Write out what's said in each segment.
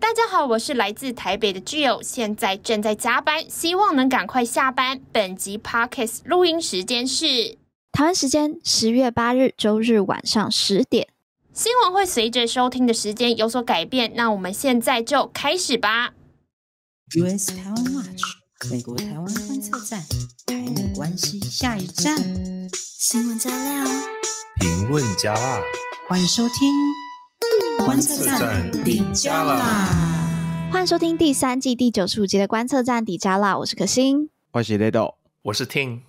大家好，我是來自台北的 Gill，現在正在加班，希望能趕快下班。本集 Podcast 錄音時間是台灣時間十月八日週日晚上十點。新聞會隨着收聽的時間有所改變，那我們現在就開始吧。US 台灣 Watch 美國台灣觀測站，台美關係下一站。新聞加料，評論加二，歡迎收聽。觀測站底加啦！歡迎收聽第三季第九十五集的《觀測站底加啦》，我是可欣，我是 Lado，我是 Ting。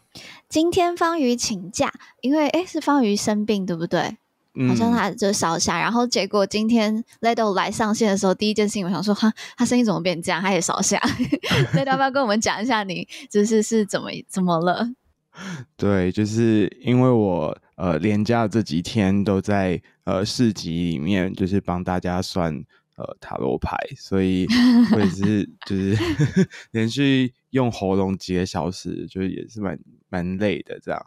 今天方瑜請假，因為哎，是方瑜生病，對不對？嗯、好像他就少下。然後結果今天 Lado 來上線的時候，第一件事情我想說，哈，他聲音怎麼變成這樣？他也少下。Lado， 要不要跟我們講一下你，你就是是怎麼怎麼了？ 對，就是因為我呃，連假這幾天都在。呃，市集裡面就是幫大家算呃塔羅牌，所以或者是就是、就是、連續用喉嚨幾個小時，就是也是蠻蠻累的這樣。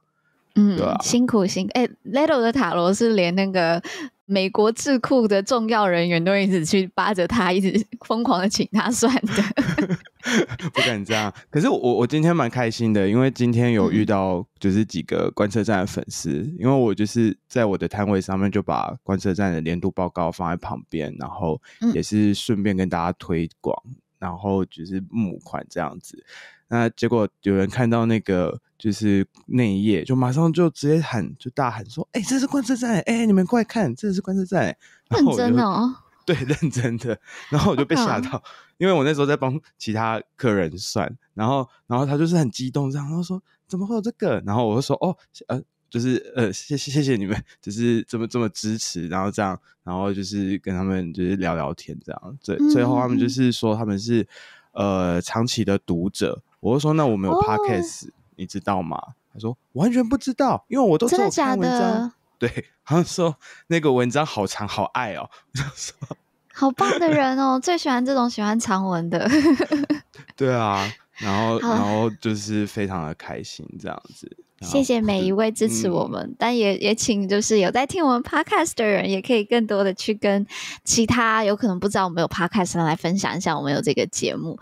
嗯，對啊，辛苦辛苦。哎、欸、Little 的塔羅是連那個美國智庫的重要人員都一直去扒着他，一直瘋狂的請他算的。 不敢這樣，可是我我今天蠻開心的，因為今天有遇到就是幾個觀測站的粉絲，嗯、因為我就是在我的攤位上面就把觀測站的年度報告放在旁邊，然後也是順便跟大家推廣，嗯、然後就是募款這樣子。那結果有人看到那個就是那一頁，就馬上就直接喊，就大喊說：“哎、欸，這是觀測站、欸！哎、欸，你們快看，這是觀測站、欸！”認真的、哦，對，認真的，然後我就被嚇到。好好因為我那時候在幫其他客人算，然後，然後他就是很激動這樣，他就說怎麼會有這個？然後我就說哦，呃，就是呃，謝謝，謝謝你們，就是這麼這麼支持，然後這樣，然後就是跟他們就是聊聊天這樣，最、嗯、最後他們就是說他們是呃長期的讀者，我就說那我們有 podcast、哦、你知道嗎？他說完全不知道，因為我都是有看文章，真的假的？對，他們說那個文章好長好愛哦，我就說。好棒的人哦， 最喜歡這種喜歡長文的。 對啊，然後好然後就是非常的開心這樣子。謝謝每一位支持我們，嗯、但也也請就是有在聽我們 podcast 的人，也可以更多的去跟其他有可能不知道我們有，有 podcast 的人來分享一下我們有這個節目。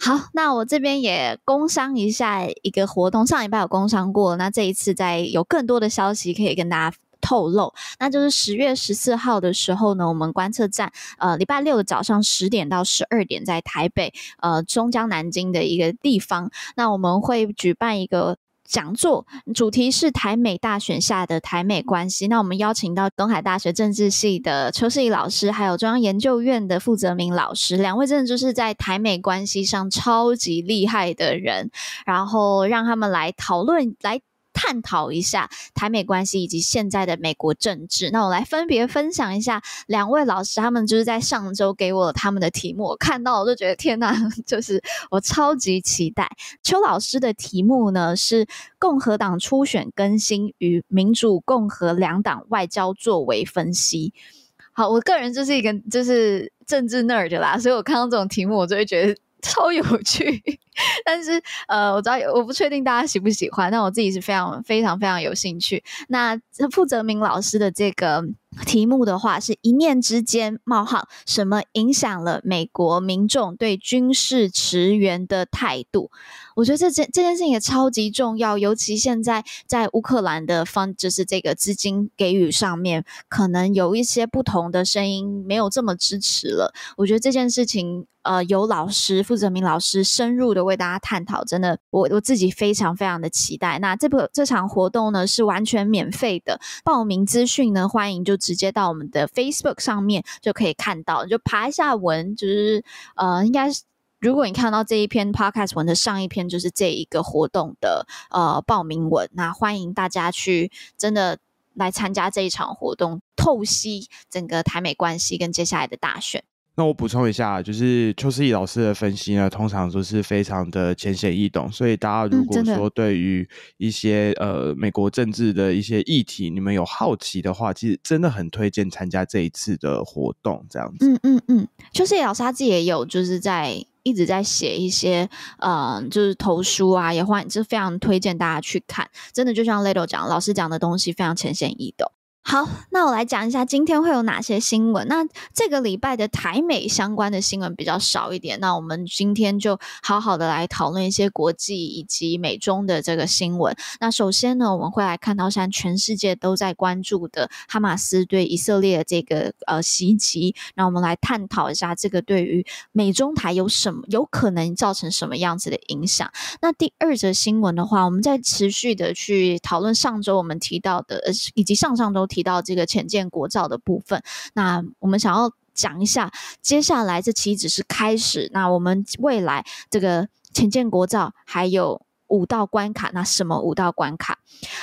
好，那我這邊也工商一下一個活動，上禮拜有工商過，那這一次再有更多的消息可以跟大家，透露，那就是十月十四號的時候呢，我們觀測站呃，禮拜六的早上十點到十二點，在台北呃中江南京的一個地方，那我們會舉辦一個講座，主題是台美大選下的台美關係。那我們邀請到東海大學政治系的邱世儀老師，還有中央研究院的傅澤明老師，兩位真的就是在台美關係上超級厲害的人，然後讓他們來討論來，探討一下台美關係以及現在的美國政治。那我來分別分享一下兩位老師，他們就是在上周給我他們的題目。我看到我就覺得天哪、啊，就是我超級期待邱老師的題目呢，是共和黨初選更新與民主共和兩黨外交作為分析。好，我個人就是一個就是政治 nerd 啦，所以我看到這種題目，我就會覺得。超有趣，但是呃，我知道我不確定大家喜不喜歡，但我自己是非常非常非常有興趣。那傅澤明老師的這個。題目的話是“一念之間冒號”，什麼影響了美國民眾對軍事馳援的態度？我覺得這件這件事情也超級重要，尤其現在在烏克蘭的方，就是這個資金給予上面，可能有一些不同的聲音，沒有這麼支持了。我覺得這件事情，呃，由老師傅澤明老師深入的為大家探討，真的，我我自己非常非常的期待。那這個這場活動呢是完全免費的，報名資訊呢歡迎就。直接到我們的 Facebook 上面就可以看到，就爬一下文，就是呃，應該是如果你看到這一篇 Podcast 文的上一篇，就是這一個活動的呃報名文，那歡迎大家去真的來參加這一場活動，透析整個台美關係跟接下來的大選。那我補充一下，就是邱師儀老師的分析呢，通常都是非常的淺顯易懂，所以大家如果說對於一些、嗯、呃美國政治的一些議題，你們有好奇的話，其實真的很推薦參加這一次的活動，這樣子。嗯嗯嗯，邱、嗯嗯、師儀老師他自己也有就是在一直在寫一些呃就是投書啊，也歡迎就是非常推薦大家去看，真的就像 l e d o 講，老師講的東西非常淺顯易懂。好，那我來講一下今天會有哪些新聞？那這個禮拜的台美相關的新聞比較少一點，那我們今天就好好的來討論一些國際以及美中的這個新聞。那首先呢，我們會來看到，像全世界都在關注的哈馬斯對以色列的這個呃襲擊，那我們來探討一下這個對於美中台有什麼、有可能造成什麼樣子的影響。那第二則新聞的話，我們再持續的去討論上周我們提到的，呃，以及上上周。提到這個潛艦國造的部分，那我們想要講一下，接下來這期只是開始。那我們未來這個潛艦國造還有五道關卡，那什麼五道關卡？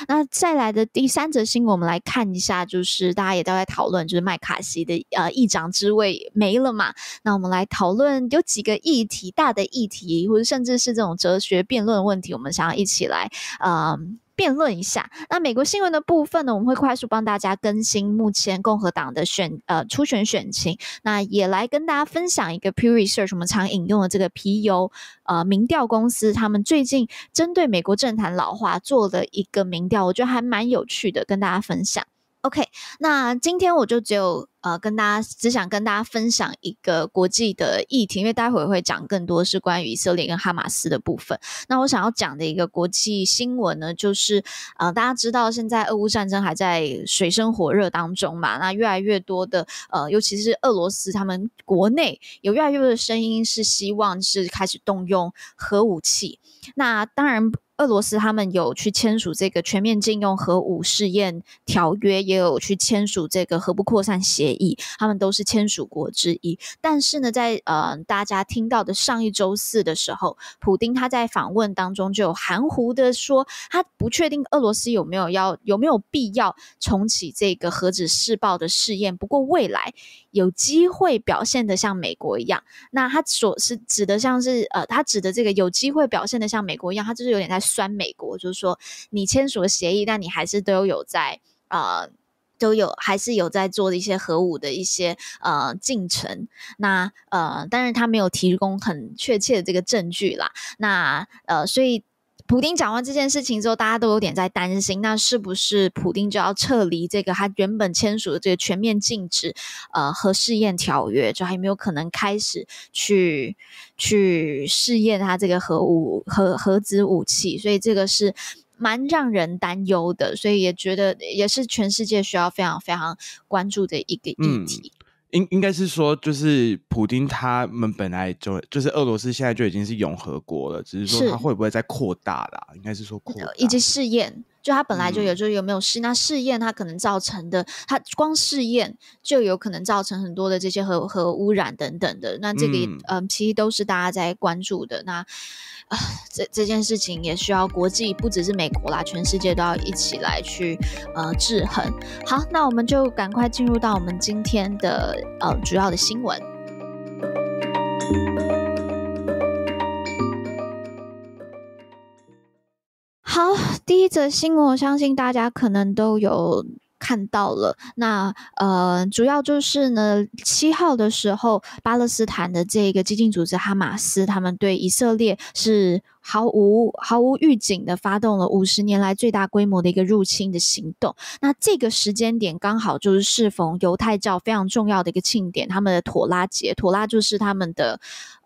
那再來的第三則新聞，我們來看一下，就是大家也都在討論，就是麥卡錫的呃議長之位沒了嘛。那我們來討論有幾個議題，大的議題或者甚至是這種哲學辯論問題，我們想要一起來嗯。呃辯論一下。那美國新聞的部分呢，我們會快速幫大家更新目前共和黨的選呃初選選情。那也來跟大家分享一個 Pew Research 我們常引用的這個皮尤呃民調公司，他們最近針對美國政壇老化做了一個民調，我覺得還蠻有趣的，跟大家分享。OK，那今天我就只有呃，跟大家只想跟大家分享一個國際的議題，因為待會會講更多是關於以色列跟哈馬斯的部分。那我想要講的一個國際新聞呢，就是呃，大家知道現在俄烏戰爭還在水深火熱當中嘛，那越來越多的呃，尤其是俄羅斯，他們國內有越來越多的聲音是希望是開始動用核武器。那當然。俄羅斯他們有去簽署這個全面禁用核武試驗條約，也有去簽署這個核不擴散協議，他們都是簽署國之一。但是呢，在呃，大家聽到的上一周四的時候，普丁他在訪問當中就含糊的說，他不確定俄羅斯有沒有要、有沒有必要重啟這個核子試爆的試驗。不過未來。有機會表現的像美國一樣，那他所是指的像是呃，他指的這個有機會表現的像美國一樣，他就是有點在酸美國，就是說你簽署了協議，但你還是都有在呃都有還是有在做的一些核武的一些呃進程。那呃，但是他沒有提供很確切的這個證據啦。那呃，所以。普丁講完這件事情之後，大家都有點在擔心，那是不是普丁就要撤離這個他原本簽署的這個全面禁止呃核試驗條約，就還沒有可能開始去去試驗他這個核武核核子武器？所以這個是蠻讓人擔憂的，所以也覺得也是全世界需要非常非常關注的一個議題。嗯應應該是說，就是普丁他們本來就就是俄羅斯現在就已經是永和國了，只是說他會不會再擴大了？是應該是說擴大，以及試驗，就他本來就有，就有沒有試？嗯、那試驗他可能造成的，他光試驗就有可能造成很多的這些核核污染，等等的。那這裡嗯，嗯，其實都是大家在關注的。那。啊，這這件事情也需要國際，不只是美國啦，全世界都要一起來去呃制衡。好，那我們就趕快進入到我們今天的呃主要的新聞。好，第一則新聞，我相信大家可能都有。看到了，那呃，主要就是呢，七號的時候，巴勒斯坦的這個激進組織哈馬斯，他們對以色列是毫無毫無預警的，發動了五十年來最大規模的一個入侵的行動。那這個時間點剛好就是適逢猶太教非常重要的一個慶典，他們的妥拉節，妥拉就是他們的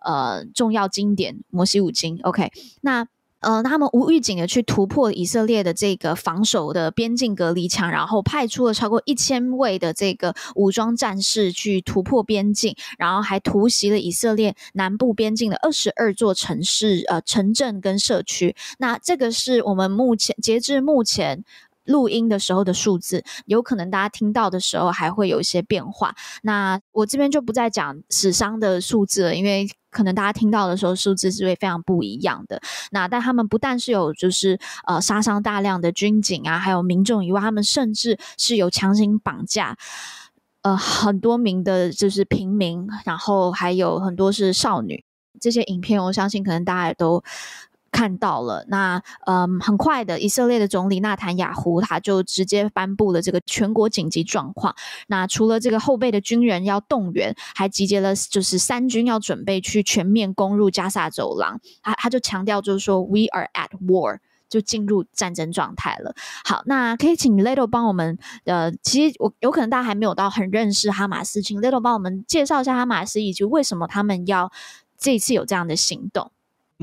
呃重要經典《摩西五經》OK。OK，那。呃，那他們無預警的去突破以色列的這個防守的邊境隔離牆，然後派出了超過一千位的這個武裝戰士去突破邊境，然後還突襲了以色列南部邊境的二十二座城市、呃，城鎮跟社區。那這個是我們目前，截至目前。錄音的時候的數字，有可能大家聽到的時候還會有一些變化。那我這邊就不再講死傷的數字了，因為可能大家聽到的時候數字是會非常不一樣的。那但他們不但是有就是呃殺傷大量的軍警啊，還有民眾以外，他們甚至是有強行綁架呃很多名的就是平民，然後還有很多是少女。這些影片，我相信可能大家都看到了，那嗯，很快的，以色列的總理納坦雅胡他就直接頒布了這個全國緊急狀況。那除了這個後備的軍人要動員，還集結了就是三軍要準備去全面攻入加薩走廊。他他就強調就是說，We are at war，就進入戰爭狀態了。好，那可以請 Little 幫我們，呃，其實我有可能大家還沒有到很認識哈馬斯，請 Little 幫我們介紹一下哈馬斯以及為什麼他們要這一次有這樣的行動。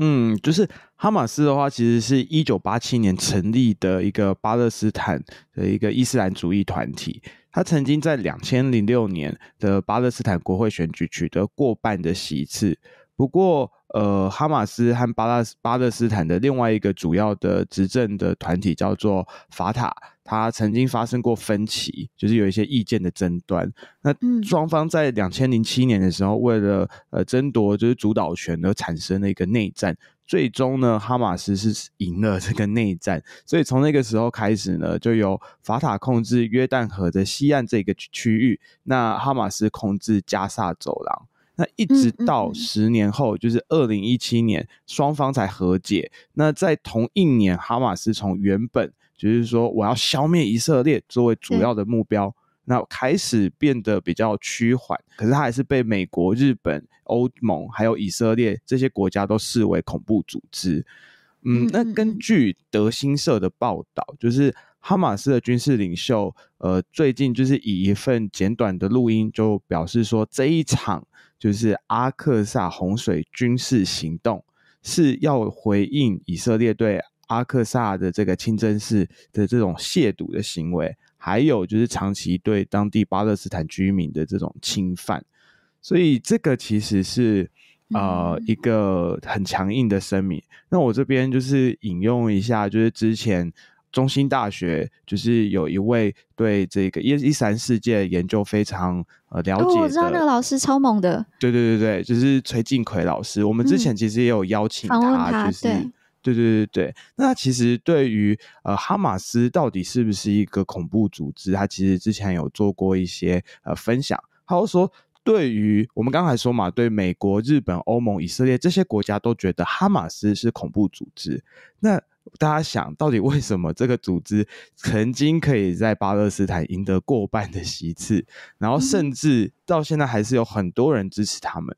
嗯，就是哈馬斯的話，其實是一九八七年成立的一個巴勒斯坦的一個伊斯蘭主義團體。他曾經在兩千零六年的巴勒斯坦國會選舉取得過半的席次。不過，呃，哈馬斯和巴勒巴勒斯坦的另外一個主要的執政的團體叫做法塔，它曾經發生過分歧，就是有一些意見的爭端。那雙方在兩千零七年的時候，為了呃爭奪就是主導權而產生了一個內戰。最終呢，哈馬斯是贏了這個內戰，所以從那個時候開始呢，就由法塔控制約旦河的西岸這個區域，那哈馬斯控制加薩走廊。那一直到十年後，就是二零一七年，雙方才和解。那在同一年，哈馬斯從原本就是說我要消滅以色列作為主要的目標，那開始變得比較趨緩。可是他還是被美國、日本、歐盟還有以色列這些國家都視為恐怖組織。嗯，那根據德新社的報道，就是哈馬斯的軍事領袖，呃，最近就是以一份簡短的錄音就表示說這一場。就是阿克薩洪水軍事行動是要回應以色列對阿克薩的這個清真寺的這種褻瀆的行為，還有就是長期對當地巴勒斯坦居民的這種侵犯，所以這個其實是呃、嗯、一個很強硬的聲明。那我這邊就是引用一下，就是之前。中心大學就是有一位對這個一一三世界研究非常呃了解，我知道那個老師超猛的。對對對對，就是崔進揆老師。我們之前其實也有邀請他，嗯、就是、嗯嗯、對，對對對對，那他其實對於呃哈馬斯到底是不是一個恐怖組織，他其實之前有做過一些呃分享。他說對於，對於我們剛才說嘛，對美國、日本、歐盟、以色列這些國家都覺得哈馬斯是恐怖組織，那。大家想到底為什麼這個組織曾經可以在巴勒斯坦贏得過半的席次，然後甚至到現在還是有很多人支持他們？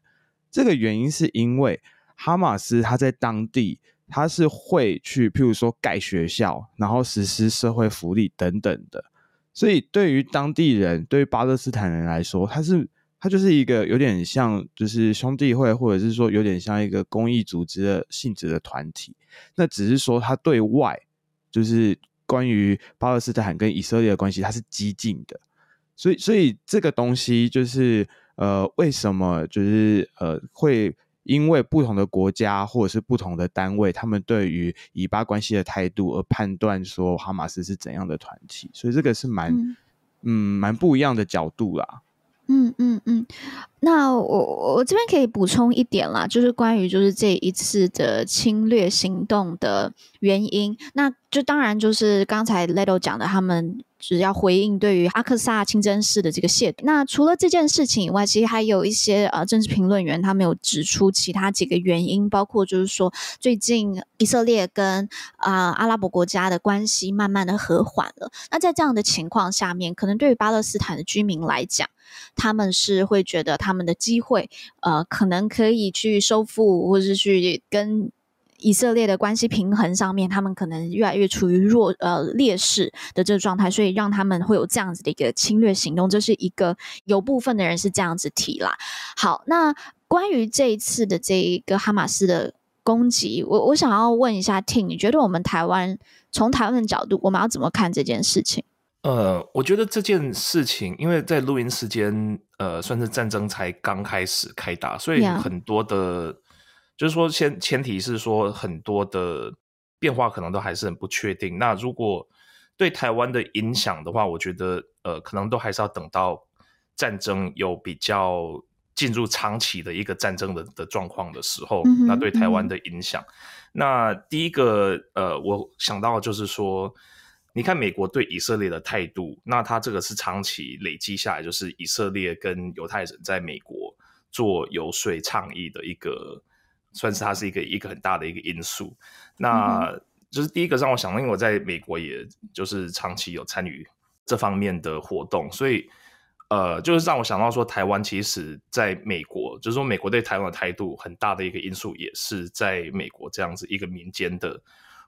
這個原因是因為哈馬斯他在當地，他是會去譬如說蓋學校，然後實施社會福利等等的，所以對於當地人、對於巴勒斯坦人來說，他是。他就是一個有點像，就是兄弟會，或者是說有點像一個公益組織的性質的團體。那只是說，他對外就是關於巴勒斯坦跟以色列的關係，它是激進的。所以，所以這個東西就是呃，為什麼就是呃，會因為不同的國家或者是不同的單位，他們對於以巴關係的態度而判斷說哈馬斯是怎樣的團體？所以這個是蠻嗯蠻、嗯、不一樣的角度啦，嗯。嗯嗯，那我我這邊可以補充一點啦，就是關於就是這一次的侵略行動的原因，那就當然就是剛才 Ledo 講的，他們只要回應對於阿克薩清真寺的這個褻瀆。那除了這件事情以外，其實還有一些呃政治評論員他們有指出其他幾個原因，包括就是說最近以色列跟啊、呃、阿拉伯國家的關係慢慢的和緩了。那在這樣的情況下面，可能對於巴勒斯坦的居民來講，他們。但是會覺得他們的機會，呃，可能可以去收復，或者是去跟以色列的關係平衡上面，他們可能越來越處於弱呃劣勢的這個狀態，所以讓他們會有這樣子的一個侵略行動，這是一個有部分的人是這樣子提啦。好，那關於這一次的這一個哈馬斯的攻擊，我我想要問一下 Tim 你覺得我們台灣從台灣的角度，我們要怎麼看這件事情？呃，我覺得這件事情，因為在錄音時間，呃，算是戰爭才剛開始開打，Yeah. 所以很多的，就是說前前提是說很多的變化可能都還是很不確定。那如果對台灣的影響的話，我覺得呃，可能都還是要等到戰爭有比較進入長期的一個戰爭的的狀況的時候，mm hmm. 那對台灣的影響。Mm hmm. 那第一個呃，我想到就是說。你看美國對以色列的態度，那他這個是長期累積下來，就是以色列跟猶太人在美國做遊說倡議的一個，算是它是一個一個很大的一個因素。那就是第一個讓我想到，因為我在美國，也就是長期有參與這方面的活動，所以呃，就是讓我想到說，台灣其實在美國，就是說美國對台灣的態度很大的一個因素，也是在美國這樣子一個民間的。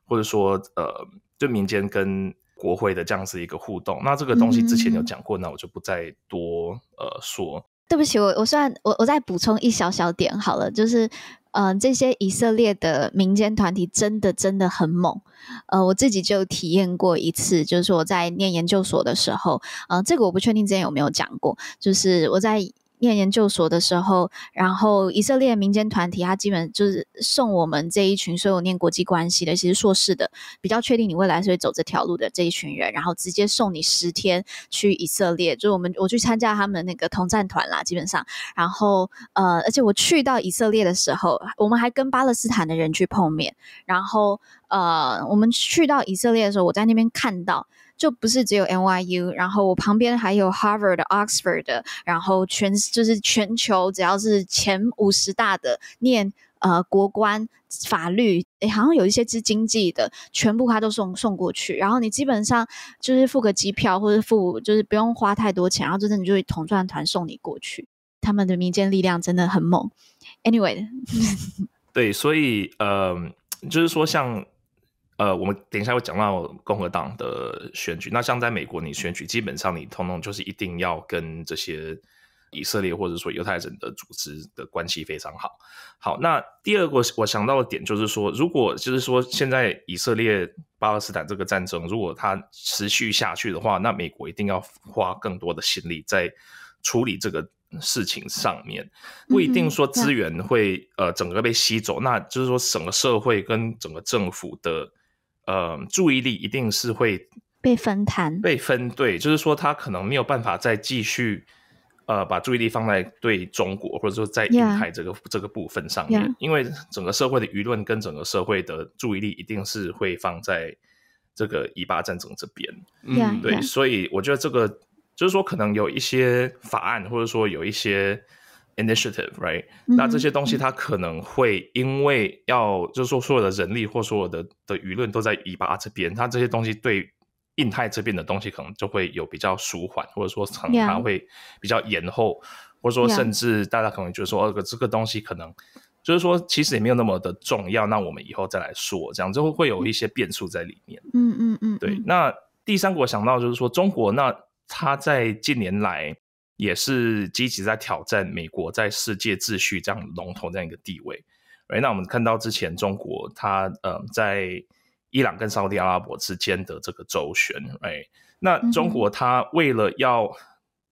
或者說，呃，就民間跟國會的這樣子一個互動，那這個東西之前有講過，那、嗯、我就不再多呃說。對不起，我我算我我再補充一小小點好了，就是嗯、呃，這些以色列的民間團體真的真的很猛，呃，我自己就體驗過一次，就是我在念研究所的時候，呃，這個我不確定之前有沒有講過，就是我在。念研究所的時候，然後以色列民間團體，他基本就是送我們這一群所有念國際關係的，其實碩士的比較確定你未來是會走這條路的這一群人，然後直接送你十天去以色列，就我們我去參加他們的那個統戰團啦，基本上，然後呃，而且我去到以色列的時候，我們還跟巴勒斯坦的人去碰面，然後呃，我們去到以色列的時候，我在那邊看到。就不是只有 NYU，然後我旁邊還有 Harvard、Oxford 的，然後全，就是全球只要是前五十大的念呃國關、法律，誒，好像有一些是經濟的，全部他都送送過去。然後你基本上就是付個機票，或者付就是不用花太多錢，然後真的你就會統賺團送你過去。他們的民間力量真的很猛。Anyway， 對，所以嗯、呃，就是說像。呃，我們等一下會講到共和黨的選舉。那像在美國，你選舉基本上你通通就是一定要跟這些以色列或者說猶太人的組織的關係非常好。好，那第二個我想到的點就是說，如果就是說現在以色列巴勒斯坦這個戰爭，如果它持續下去的話，那美國一定要花更多的心力在處理這個事情上面。不一定說資源會嗯嗯呃整個被吸走，樣那就是說整個社會跟整個政府的。呃，注意力一定是會被分攤，被分。對，就是說他可能沒有辦法再繼續呃把注意力放在對中國或者說在印太這個 Yeah. 這個部分上面，Yeah. 因為整個社會的輿論跟整個社會的注意力一定是會放在這個以巴戰爭這邊。嗯，Yeah. 對，Yeah. 所以我覺得這個就是說可能有一些法案或者說有一些。Initiative，right？、Mm hmm. 那這些東西它可能會因為要就是說所有的人力或所有的的輿論都在以巴這邊，它這些東西對印太這邊的東西可能就會有比較舒緩，或者說可能它會比較延後，Yeah. 或者說甚至大家可能覺得說這個 Yeah.、哦、這個東西可能就是說其實也沒有那麼的重要，那我們以後再來說，這樣就會會有一些變數在裡面。嗯嗯嗯，hmm. 對。那第三個我想到就是說中國，那它在近年來。也是積極在挑戰美國在世界秩序這樣龍頭這樣一個地位。Right? 那我們看到之前中國它嗯，在伊朗跟沙烏地阿拉伯之間的這個周旋，Right? 那中國它為了要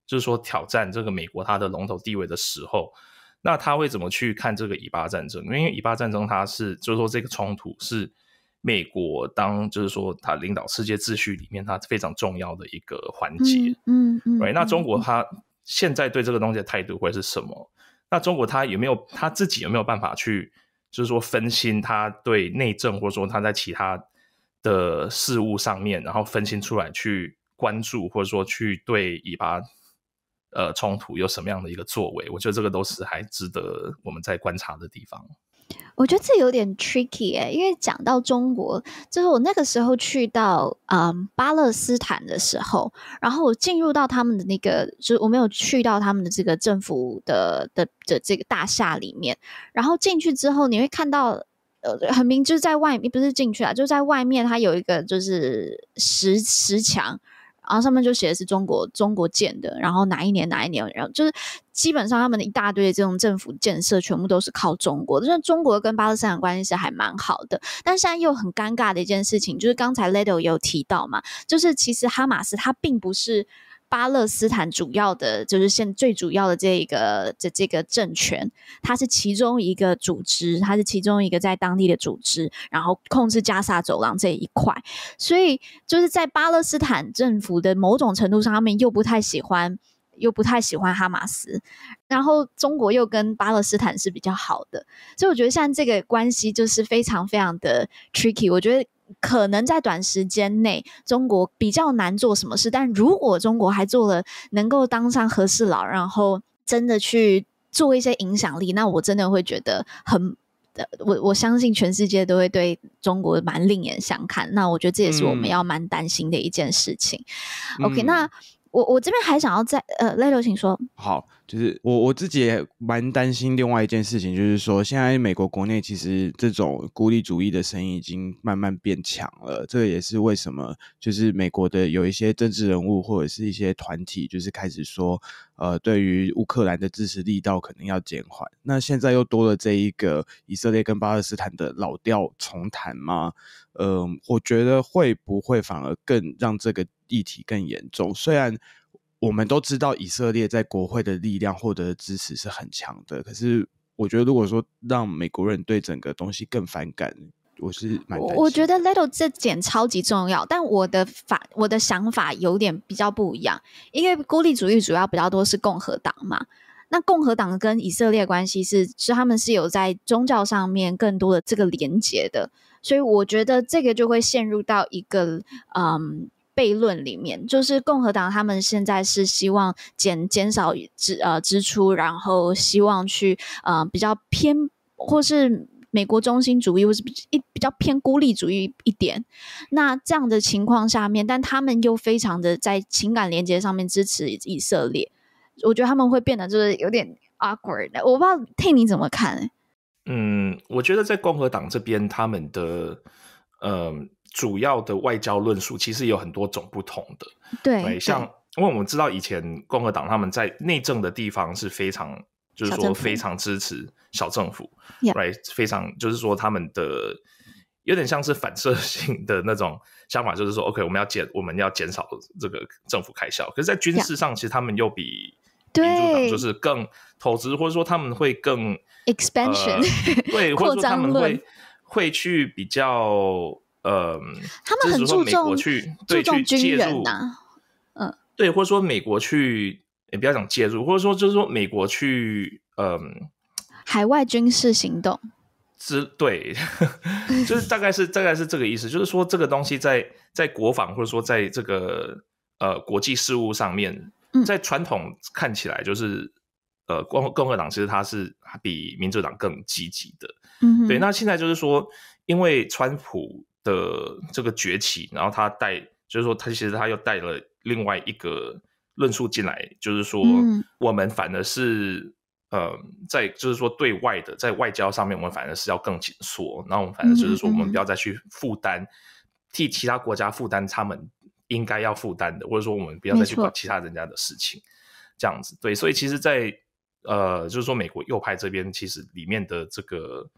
就是說挑戰這個美國它的龍頭地位的時候，嗯哼，那它會怎麼去看這個以巴戰爭？因為以巴戰爭它是就是說這個衝突是美國當就是說它領導世界秩序裡面它非常重要的一個環節。嗯嗯，嗯嗯，Right? 那中國它。現在對這個東西的態度會是什麼？那中國他有沒有他自己有沒有辦法去，就是說分心他對內政或者說他在其他的事物上面，然後分心出來去關注或者說去對以巴呃衝突有什麼樣的一個作為？我覺得這個都是還值得我們再觀察的地方。我覺得這有點 tricky 欸，因為講到中國，就是我那個時候去到嗯巴勒斯坦的時候，然後我進入到他們的那個，就是我沒有去到他們的這個政府的的的的這個大廈裡面，然後進去之後你會看到呃，很明，就是在外面，不是進去啊，就在外面它有一個就是石石牆。然後上面就寫的是中國，中國建的，然後哪一年哪一年，然後就是基本上他們的一大堆這種政府建設，全部都是靠中國。雖然中國跟巴勒斯坦的關係是還蠻好的，但現在又很尷尬的一件事情，就是剛才 Ledo 也有提到嘛，就是其實哈馬斯他並不是。巴勒斯坦主要的就是現最主要的這一個這這個政權，它是其中一個組織，它是其中一個在當地的組織，然後控制加沙走廊這一塊。所以就是在巴勒斯坦政府的某種程度上，他們又不太喜歡，又不太喜歡哈馬斯。然後中國又跟巴勒斯坦是比較好的，所以我覺得像這個關係就是非常非常的 tricky，我覺得。可能在短時間內，中國比較難做什麼事。但如果中國還做了能夠當上和事佬，然後真的去做一些影響力，那我真的會覺得很，我我相信全世界都會對中國蠻另眼相看。那我覺得這也是我們要蠻擔心的一件事情。OK，那我我這邊還想要再呃雷 e 請說。好。就是我我自己也蠻擔心另外一件事情，就是說現在美國國內其實這種孤立主義的聲音已經慢慢變強了。這也是為什麼，就是美國的有一些政治人物或者是一些團體，就是開始說，呃，對於烏克蘭的支持力道可能要減緩。那現在又多了這一個以色列跟巴勒斯坦的老調重彈嗎？嗯，我覺得會不會反而更讓這個議題更嚴重？雖然。我們都知道以色列在國會的力量獲得的支持是很強的，可是我覺得如果說讓美國人對整個東西更反感，我是蠻擔心，我我覺得 little 這點超級重要，但我的法我的想法有點比較不一樣，因為孤立主義主要比較多是共和黨嘛，那共和黨跟以色列的關係是是他們是有在宗教上面更多的這個連接的，所以我覺得這個就會陷入到一個嗯。悖論裡面，就是共和黨他們現在是希望減減少支呃支出，然後希望去呃比較偏或是美國中心主義，或是一比較偏孤立主義一點。那這樣的情況下面，但他們又非常的在情感連接上面支持以色列，我覺得他們會變得就是有點 awkward。我不知道聽你怎麼看。嗯，我覺得在共和黨這邊，他們的嗯。呃主要的外交論述其實有很多種不同的，對，對，像對因為我們知道以前共和黨他們在內政的地方是非常，就是說非常支持小政府，對。Right, Yeah. 非常就是說他們的有點像是反射性的那種想法，就是說 OK，我們要減，我們要減少這個政府開銷。可是，在軍事上，Yeah. 其實他們又比民主黨就是更對投資，或者說他們會更 expansion、呃、對或者說他們會 擴張論會去比較。嗯，他們很注重去注重軍人吶、啊，嗯，呃、對，或者說美國去，也比較講介入，或者說就是說美國去，嗯，海外軍事行動，是對， 就是大概是大概是這個意思， 就是說這個東西在在國防或者說在這個呃國際事務上面，嗯、在傳統看起來就是呃共共和黨其實他是比民主黨更積極的，嗯哼，對，那現在就是說因為川普。的這個崛起，然後他帶，就是說他其實他又帶了另外一個論述進來，就是說我們反而是、嗯、呃，在就是說對外的在外交上面，我們反而是要更緊縮，然後我們反而就是說，我們不要再去負擔，嗯嗯，替其他國家負擔他們應該要負擔的，或者說我們不要再去管其他人家的事情，沒錯。這樣子，對。所以其實在，在呃，就是說美國右派這邊，其實裡面的這個。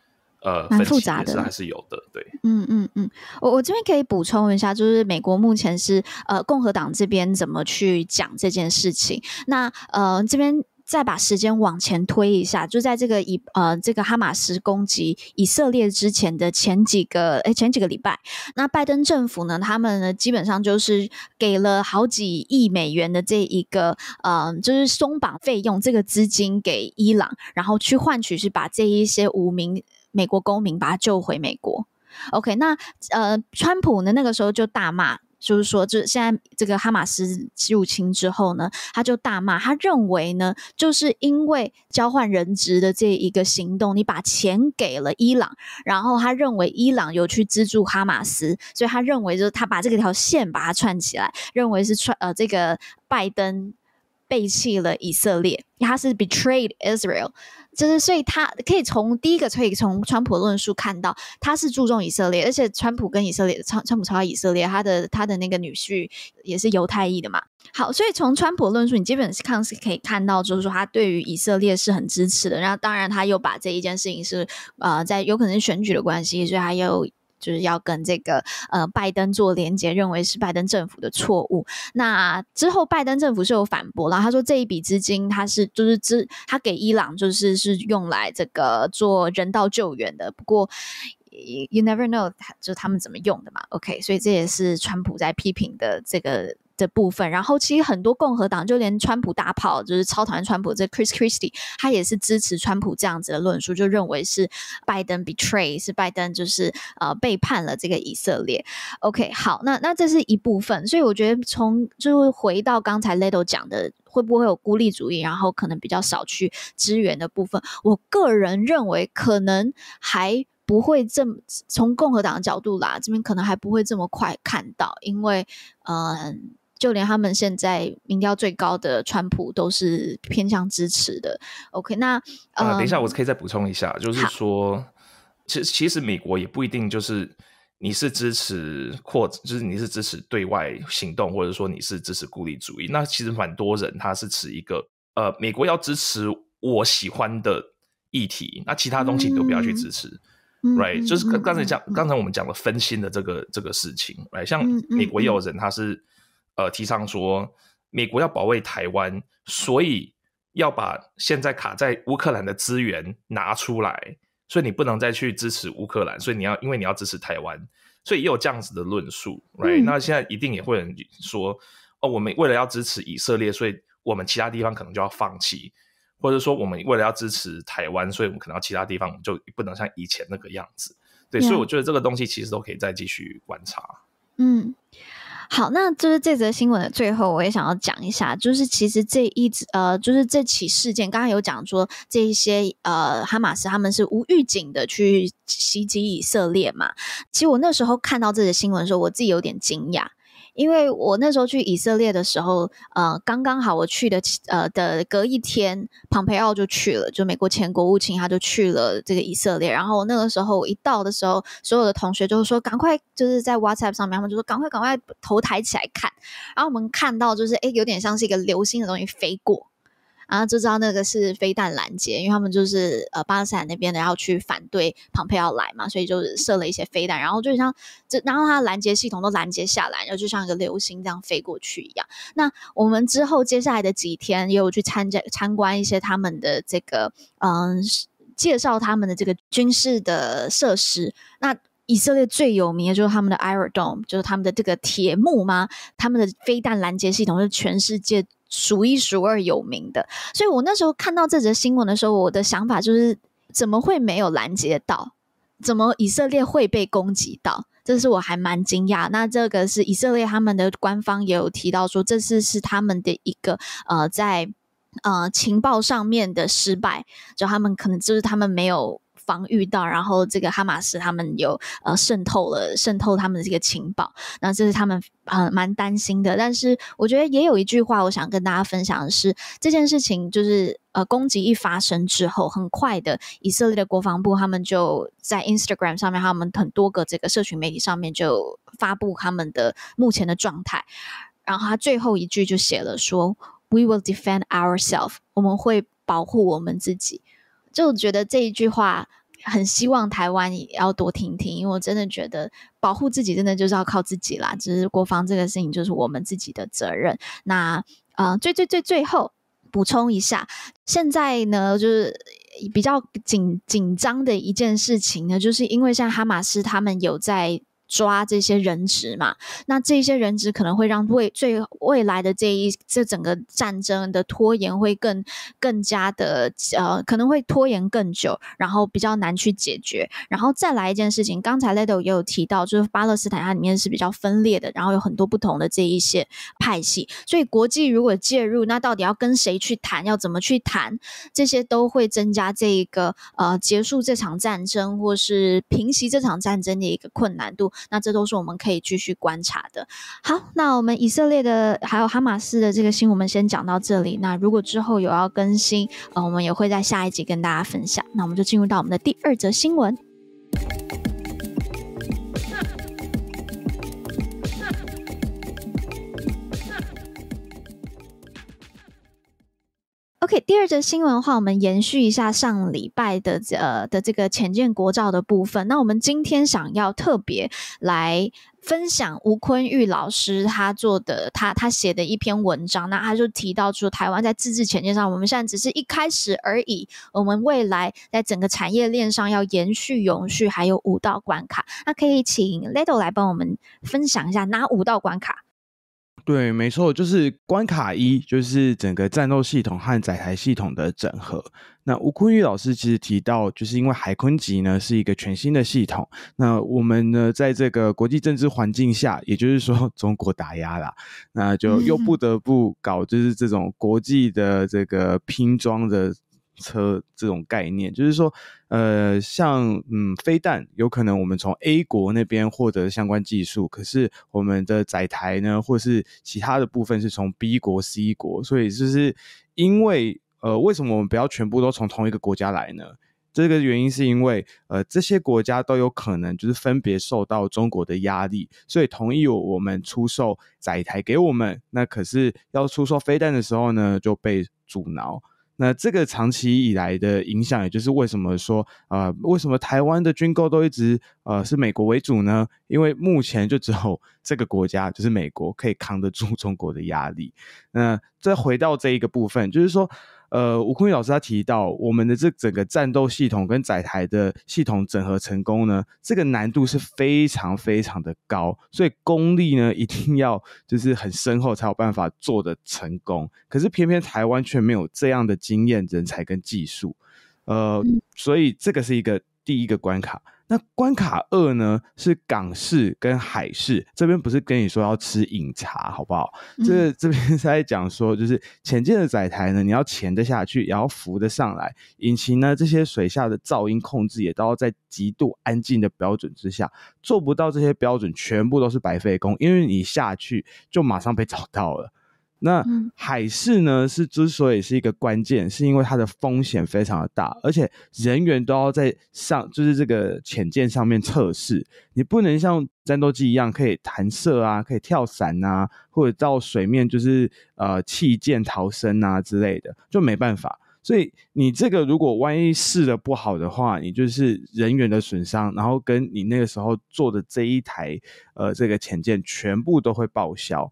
呃，蠻複雜的，還是有的，對，嗯嗯嗯，我我這邊可以補充一下，就是美國目前是呃共和黨這邊怎麼去講這件事情。那呃這邊再把時間往前推一下，就在這個以呃這個哈馬斯攻擊以色列之前的前幾個誒前幾個禮拜，那拜登政府呢，他們呢基本上就是給了好幾億美元的這一個呃就是鬆綁費用，這個資金給伊朗，然後去換取是把這一些無名。美國公民把他救回美國。OK，那呃，川普呢？那個時候就大罵，就是說，就是現在這個哈馬斯入侵之後呢，他就大罵，他認為呢，就是因為交換人質的這一個行動，你把錢給了伊朗，然後他認為伊朗有去資助哈馬斯，所以他認為就是他把這條線把它串起來，認為是串呃這個拜登。背棄了以色列，他是 betrayed Israel，就是所以他可以從第一個可以從川普論述看到，他是注重以色列，而且川普跟以色列，川川普超愛以色列，他的他的那個女婿也是猶太裔的嘛。好，所以從川普論述，你基本上看是可以看到，就是說他對於以色列是很支持的。然後當然他又把這一件事情是呃在有可能是選舉的關係，所以他又。就是要跟這個呃拜登做連接，認為是拜登政府的錯誤。那之後拜登政府是有反駁，然後他說這一筆資金他是就是支他給伊朗就是是用來這個做人道救援的。不過 you never know 就他們怎麼用的嘛。OK，所以這也是川普在批評的這個。的部分，然後其實很多共和黨，就連川普大炮，就是超討厭川普這個、Chris Christie，他也是支持川普這樣子的論述，就認為是拜登 betray，是拜登就是呃背叛了這個以色列。OK，好，那那這是一部分，所以我覺得從就是回到剛才 Laddo 講的，會不會有孤立主義，然後可能比較少去支援的部分，我個人認為可能還不會這麼從共和黨的角度啦，這邊可能還不會這麼快看到，因為嗯。就連他們現在民調最高的川普都是偏向支持的。OK，那呃，等一下、嗯、我可以再補充一下，就是說，好其實其實美國也不一定就是你是支持或就是你是支持對外行動，或者說你是支持孤立主義。那其實蠻多人他是持一個呃，美國要支持我喜歡的議題，那其他東西你都不要去支持。Right，就是剛才講，剛才我們講了分心的這個這個事情。Right、嗯嗯嗯、像美國也有人他是。呃，提倡說，美國要保衛台灣，所以要把現在卡在烏克蘭的資源拿出來，所以你不能再去支持烏克蘭，所以你要因為你要支持台灣，所以也有這樣子的論述，嗯 Right? 那現在一定也會有人說，哦，我們為了要支持以色列，所以我們其他地方可能就要放棄，或者說我們為了要支持台灣，所以我們可能要其他地方就不能像以前那個樣子，對。嗯。所以我覺得這個東西其實都可以再繼續觀察，嗯。好，那就是這則新聞的最後，我也想要講一下，就是其實這一次呃，就是這起事件，剛剛有講說這一些呃，哈馬斯他們是無預警的去襲擊以色列嘛。其實我那時候看到這則新聞的時候，我自己有點驚訝。因為我那時候去以色列的時候，呃，剛剛好，我去的，呃，的隔一天，蓬佩奧就去了，就美國前國務卿他就去了這個以色列。然後我那個時候我一到的時候，所有的同學就是說，趕快就是在 WhatsApp 上面，他們就說，趕快趕快頭抬起來看。然後我們看到就是，哎，有點像是一個流星的東西飛過。然後就知道那個是飛彈攔截，因為他們就是呃巴勒斯坦那邊的，然後去反對蓬佩奧要來嘛，所以就設了一些飛彈。然後就像這，然後他攔截系統都攔截下來，然後就像一個流星這樣飛過去一樣。那我們之後接下來的幾天也有去參加參觀一些他們的這個嗯介紹他們的這個軍事的設施。那以色列最有名的就是他們的 Iron Dome，就是他們的這個鐵幕嘛，他們的飛彈攔截系統是全世界數一數二有名的，所以我那時候看到這則新聞的時候，我的想法就是：怎麼會沒有攔截到？怎麼以色列會被攻擊到？這是我還蠻驚訝。那這個是以色列他們的官方也有提到說，這次是他們的一個呃，在呃情報上面的失敗，就他們可能就是他們沒有，防禦到，然後這個哈馬斯他們有呃滲透了，滲透他們的這個情報，那這是他們很、呃、蠻擔心的。但是我覺得也有一句話，我想跟大家分享的是，這件事情就是呃攻擊一發生之後，很快的以色列的國防部他們就在 Instagram 上面還有我們很多個這個社群媒體上面就發布他們的目前的狀態。然後他最後一句就寫了說：“We will defend ourselves，我們會保護我們自己。”就覺得這一句話，很希望台灣也要多聽聽，因為我真的覺得保護自己真的就是要靠自己啦。只、就是國防這個事情就是我們自己的責任。那啊、呃，最最最最後補充一下，現在呢就是比較緊緊張的一件事情呢，就是因為像哈馬斯他們有在。抓這些人質嘛，那這些人質可能會讓未最未來的這一這整個戰爭的拖延會更更加的呃，可能會拖延更久，然後比較難去解決。然後再來一件事情，剛才 Ledo 也有提到，就是巴勒斯坦它裡面是比較分裂的，然後有很多不同的這一些派系，所以國際如果介入，那到底要跟誰去談，要怎麼去談，這些都會增加這一個呃結束這場戰爭或是平息這場戰爭的一個困難度。那這都是我們可以繼續觀察的。好，那我們以色列的還有哈馬斯的這個新聞，我們先講到這裡。那如果之後有要更新，呃，我們也會在下一集跟大家分享。那我們就進入到我們的第二則新聞。OK，第二則新聞的話，我們延續一下上禮拜的呃的這個潛艦國造的部分。那我們今天想要特別來分享吳崑玉老師他做的他他寫的一篇文章。那他就提到說，台灣在自製潛艦上，我們現在只是一開始而已。我們未來在整個產業鏈上要延續永續，還有五道關卡。那可以請 l e d o 來幫我們分享一下，哪五道關卡？對，沒錯，就是關卡一，就是整個戰鬥系統和載台系統的整合。那吳崑玉老師其實提到，就是因為海鯤級呢是一個全新的系統，那我們呢在這個國際政治環境下，也就是說中國打壓啦，那就又不得不搞就是這種國際的這個拼裝的。車這種概念，就是說，呃，像嗯，飛彈有可能我們從 A 國那邊獲得相關技術，可是我們的載台呢，或是其他的部分是從 B 國、C 國，所以就是因為呃，為什麼我們不要全部都從同一個國家來呢？這個原因是因為呃，這些國家都有可能就是分別受到中國的壓力，所以同意我們出售載台給我們，那可是要出售飛彈的時候呢，就被阻撓。那這個長期以來的影響，也就是為什麼說啊，呃，為什麼台灣的軍購都一直呃是美國為主呢？因為目前就只有這個國家，就是美國可以扛得住中國的壓力。那再回到這一個部分，就是說。呃，吳坤宇吳崑玉老師他提到，我們的這整個戰鬥系統跟載台的系統整合成功呢，這個難度是非常非常的高，所以功力呢一定要就是很深厚，才有辦法做的做得成功。可是偏偏台灣卻沒有這樣的經驗、人才跟技術，呃，嗯、所以這個是一個第一個關卡。那關卡二呢，是港試跟海試。這邊不是跟你說要吃飲茶，好不好？這這邊是在講說，就是潛艦的載台呢，你要潛得下去，也要浮得上來。引擎呢，這些水下的噪音控制也都要在極度安靜的標準之下，做不到這些標準，全部都是白費工，因為你下去就馬上被找到了。那海試呢，是之所以是一個關鍵，是因為它的風險非常的大，而且人員都要在上，就是這個潛艦上面測試。你不能像戰鬥機一樣可以彈射啊，可以跳傘啊，或者到水面就是呃棄艦逃生啊之類的，就沒辦法。所以你這個如果萬一試得不好的話，你就是人員的損傷，然後跟你那個時候做的這一台呃這個潛艦全部都會報銷。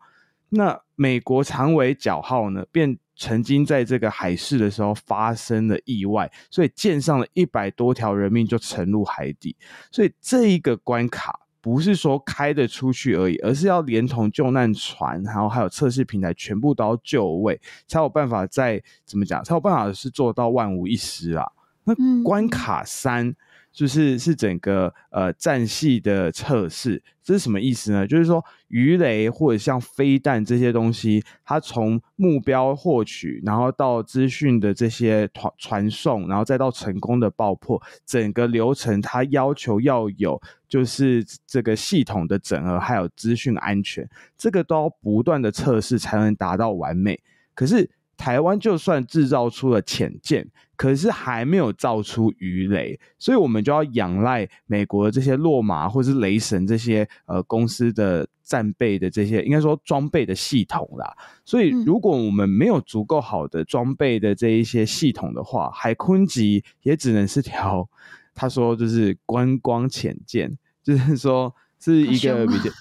那美國長尾角號呢，便曾經在這個海試的時候發生了意外，所以艦上了一百多條人命就沉入海底。所以這一個關卡不是說開得出去而已，而是要連同救難船，然後還有測試平台全部都要就位，才有辦法在怎麼講，才有辦法是做到萬無一失啊。那關卡三、嗯。就是是整個呃戰系的測試，這是什麼意思呢？就是說魚雷或者像飛彈這些東西，它從目標獲取，然後到資訊的這些傳傳送，然後再到成功的爆破，整個流程它要求要有就是這個系統的整合，還有資訊安全，這個都要不斷的測試才能達到完美。可是。台灣就算製造出了潛艦，可是還沒有造出魚雷，所以我們就要仰賴美國的這些洛馬或是雷神這些呃公司的戰備的這些，應該說裝備的系統啦。所以如果我們沒有足夠好的裝備的這一些系統的話，嗯、海鯤級也只能是條，他說就是觀光潛艦，就是說是一個比較，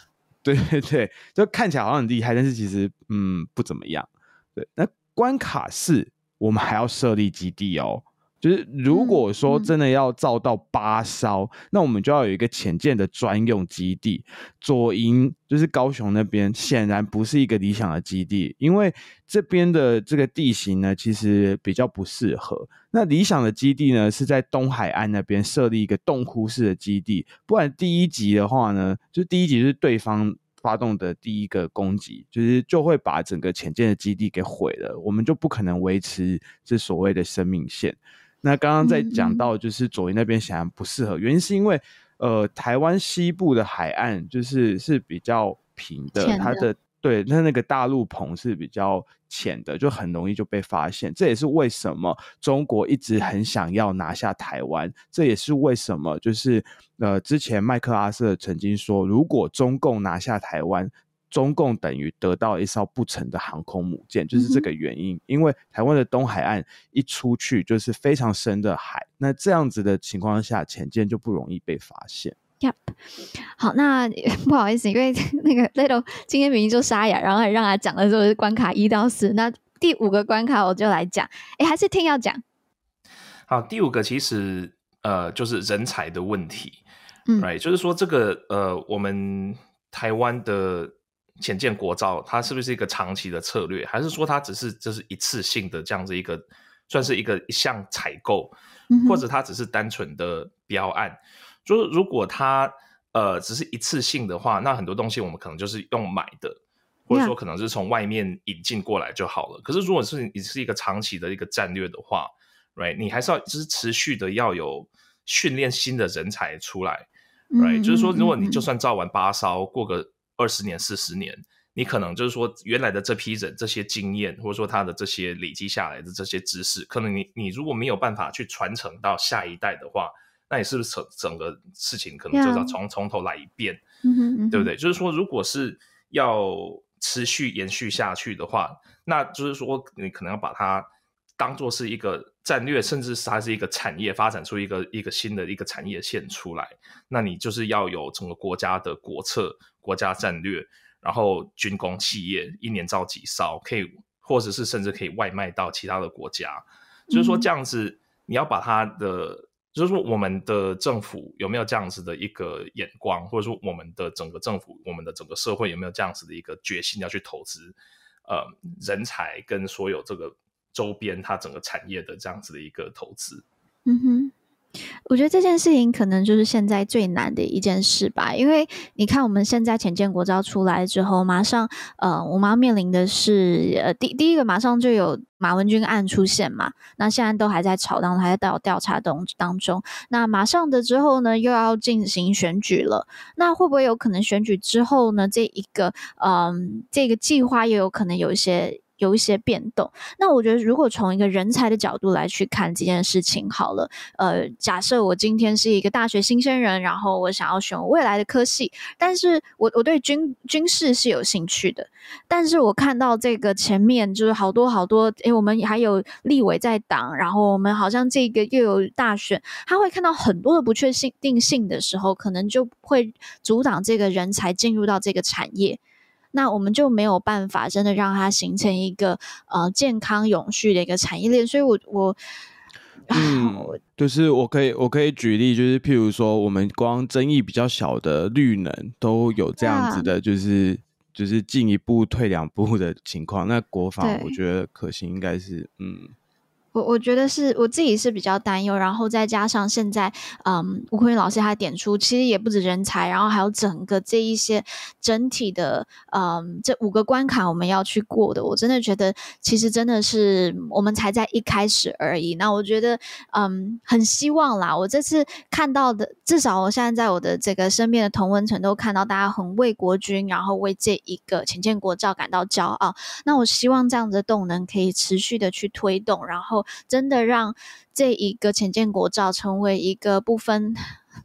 對對對，就看起來好像很厲害，但是其實嗯不怎麼樣，對那。關卡四，我們還要設立基地哦。就是如果說真的要造到八艘，嗯嗯、那我們就要有一個潛艦的專用基地。左營就是高雄那邊，顯然不是一個理想的基地，因為這邊的這個地形呢，其實比較不適合。那理想的基地呢，是在東海岸那邊設立一個洞窟式的基地。不然第一集的話呢，就是第一集是對方。發動的第一個攻擊，就是就會把整個潛艦的基地給毀了，我們就不可能維持這所謂的生命線。那剛剛在講到，就是左營那邊顯然不適合，嗯嗯，原因是因為呃，台灣西部的海岸就是是比較平的，它的。對，那那個大陸棚是比較淺的，就很容易就被發現。這也是為什麼中國一直很想要拿下台灣。這也是為什麼，就是呃，之前麥克阿瑟曾經說，如果中共拿下台灣，中共等於得到一艘不沉的航空母艦，就是這個原因。嗯、哼因為台灣的東海岸一出去就是非常深的海，那這樣子的情況下，潛艇就不容易被發現。Yep. 好，那不好意思，因為那個 l i t t l e 今天明明就沙啞，然後讓他講的時候是關卡一到四，那第五個關卡我就來講，哎、欸，還是聽要講。好，第五個其實呃就是人才的問題，嗯就是說這個呃我們台灣的潛艦國造，它是不是,是一個長期的策略，還是說它只是就是一次性的這樣子一個，算是一個一項採購，或者它只是單純的標案。嗯就是如果它呃只是一次性的話，那很多東西我們可能就是用買的，Yeah. 或者說可能是從外面引進過來就好了。可是如果是你是一個長期的一個戰略的話，right，你還是要就是持續的要有訓練新的人才出來，right？Mm hmm. 就是說，如果你就算造完八艘，過個二十年、四十年，你可能就是說原來的這批人這些經驗，或者說他的這些累積下來的這些知識，可能你你如果沒有辦法去傳承到下一代的話。那你是不是整整個事情可能就要從 Yeah. 從頭來一遍，mm hmm. 對不對？就是說，如果是要持續延續下去的話，那就是說，你可能要把它當做是一個戰略，甚至是它是一個產業發展出一個一個新的一個產業線出來。那你就是要有整個國家的國策、國家戰略，然後軍工企業一年造幾艘，可以，或者是甚至可以外賣到其他的國家。Mm hmm. 就是說，這樣子你要把它的。就是說，我們的政府有沒有這樣子的一個眼光，或者說，我們的整個政府、我們的整個社會有沒有這樣子的一個決心，要去投資，呃，人才跟所有這個周邊它整個產業的這樣子的一個投資。嗯哼。我覺得這件事情可能就是現在最難的一件事吧，因為你看我們現在潛艦國造出來之後，馬上呃，我們要面臨的是呃第第一個馬上就有馬文君案出現嘛，那現在都還在吵，當還在調調查當當中。那馬上的之後呢，又要進行選舉了，那會不會有可能選舉之後呢，這一個嗯、呃、這個計劃又有可能有一些。有一些變動，那我覺得，如果從一個人才的角度來去看這件事情，好了，呃，假設我今天是一個大學新鮮人，然後我想要選未來的科系，但是我我對軍軍事是有興趣的，但是我看到這個前面就是好多好多，誒、欸，我們還有立委在擋，然後我們好像這個又有大選，他會看到很多的不確定性的時候，可能就會阻擋這個人才進入到這個產業。那我們就沒有辦法真的讓它形成一個呃健康永續的一個產業鏈，所以我，我我、啊、嗯，就是我可以我可以舉例，就是譬如說，我們光爭議比較小的綠能都有這樣子的，就是、啊、就是進一步退兩步的情況，那國防我覺得可行，對應該是嗯。我我覺得是我自己是比較擔憂，然後再加上現在，嗯，吳崑玉老師還點出，其實也不止人才，然後還有整個這一些整體的，嗯，這五個關卡我們要去過的，我真的覺得其實真的是我們才在一開始而已。那我覺得，嗯，很希望啦，我這次看到的，至少我現在在我的這個身邊的同溫層都看到大家很為國軍，然後為這一個潛艦國造感到驕傲。那我希望這樣的動能可以持續的去推動，然後。真的讓這一個潛艦國造，成為一個不分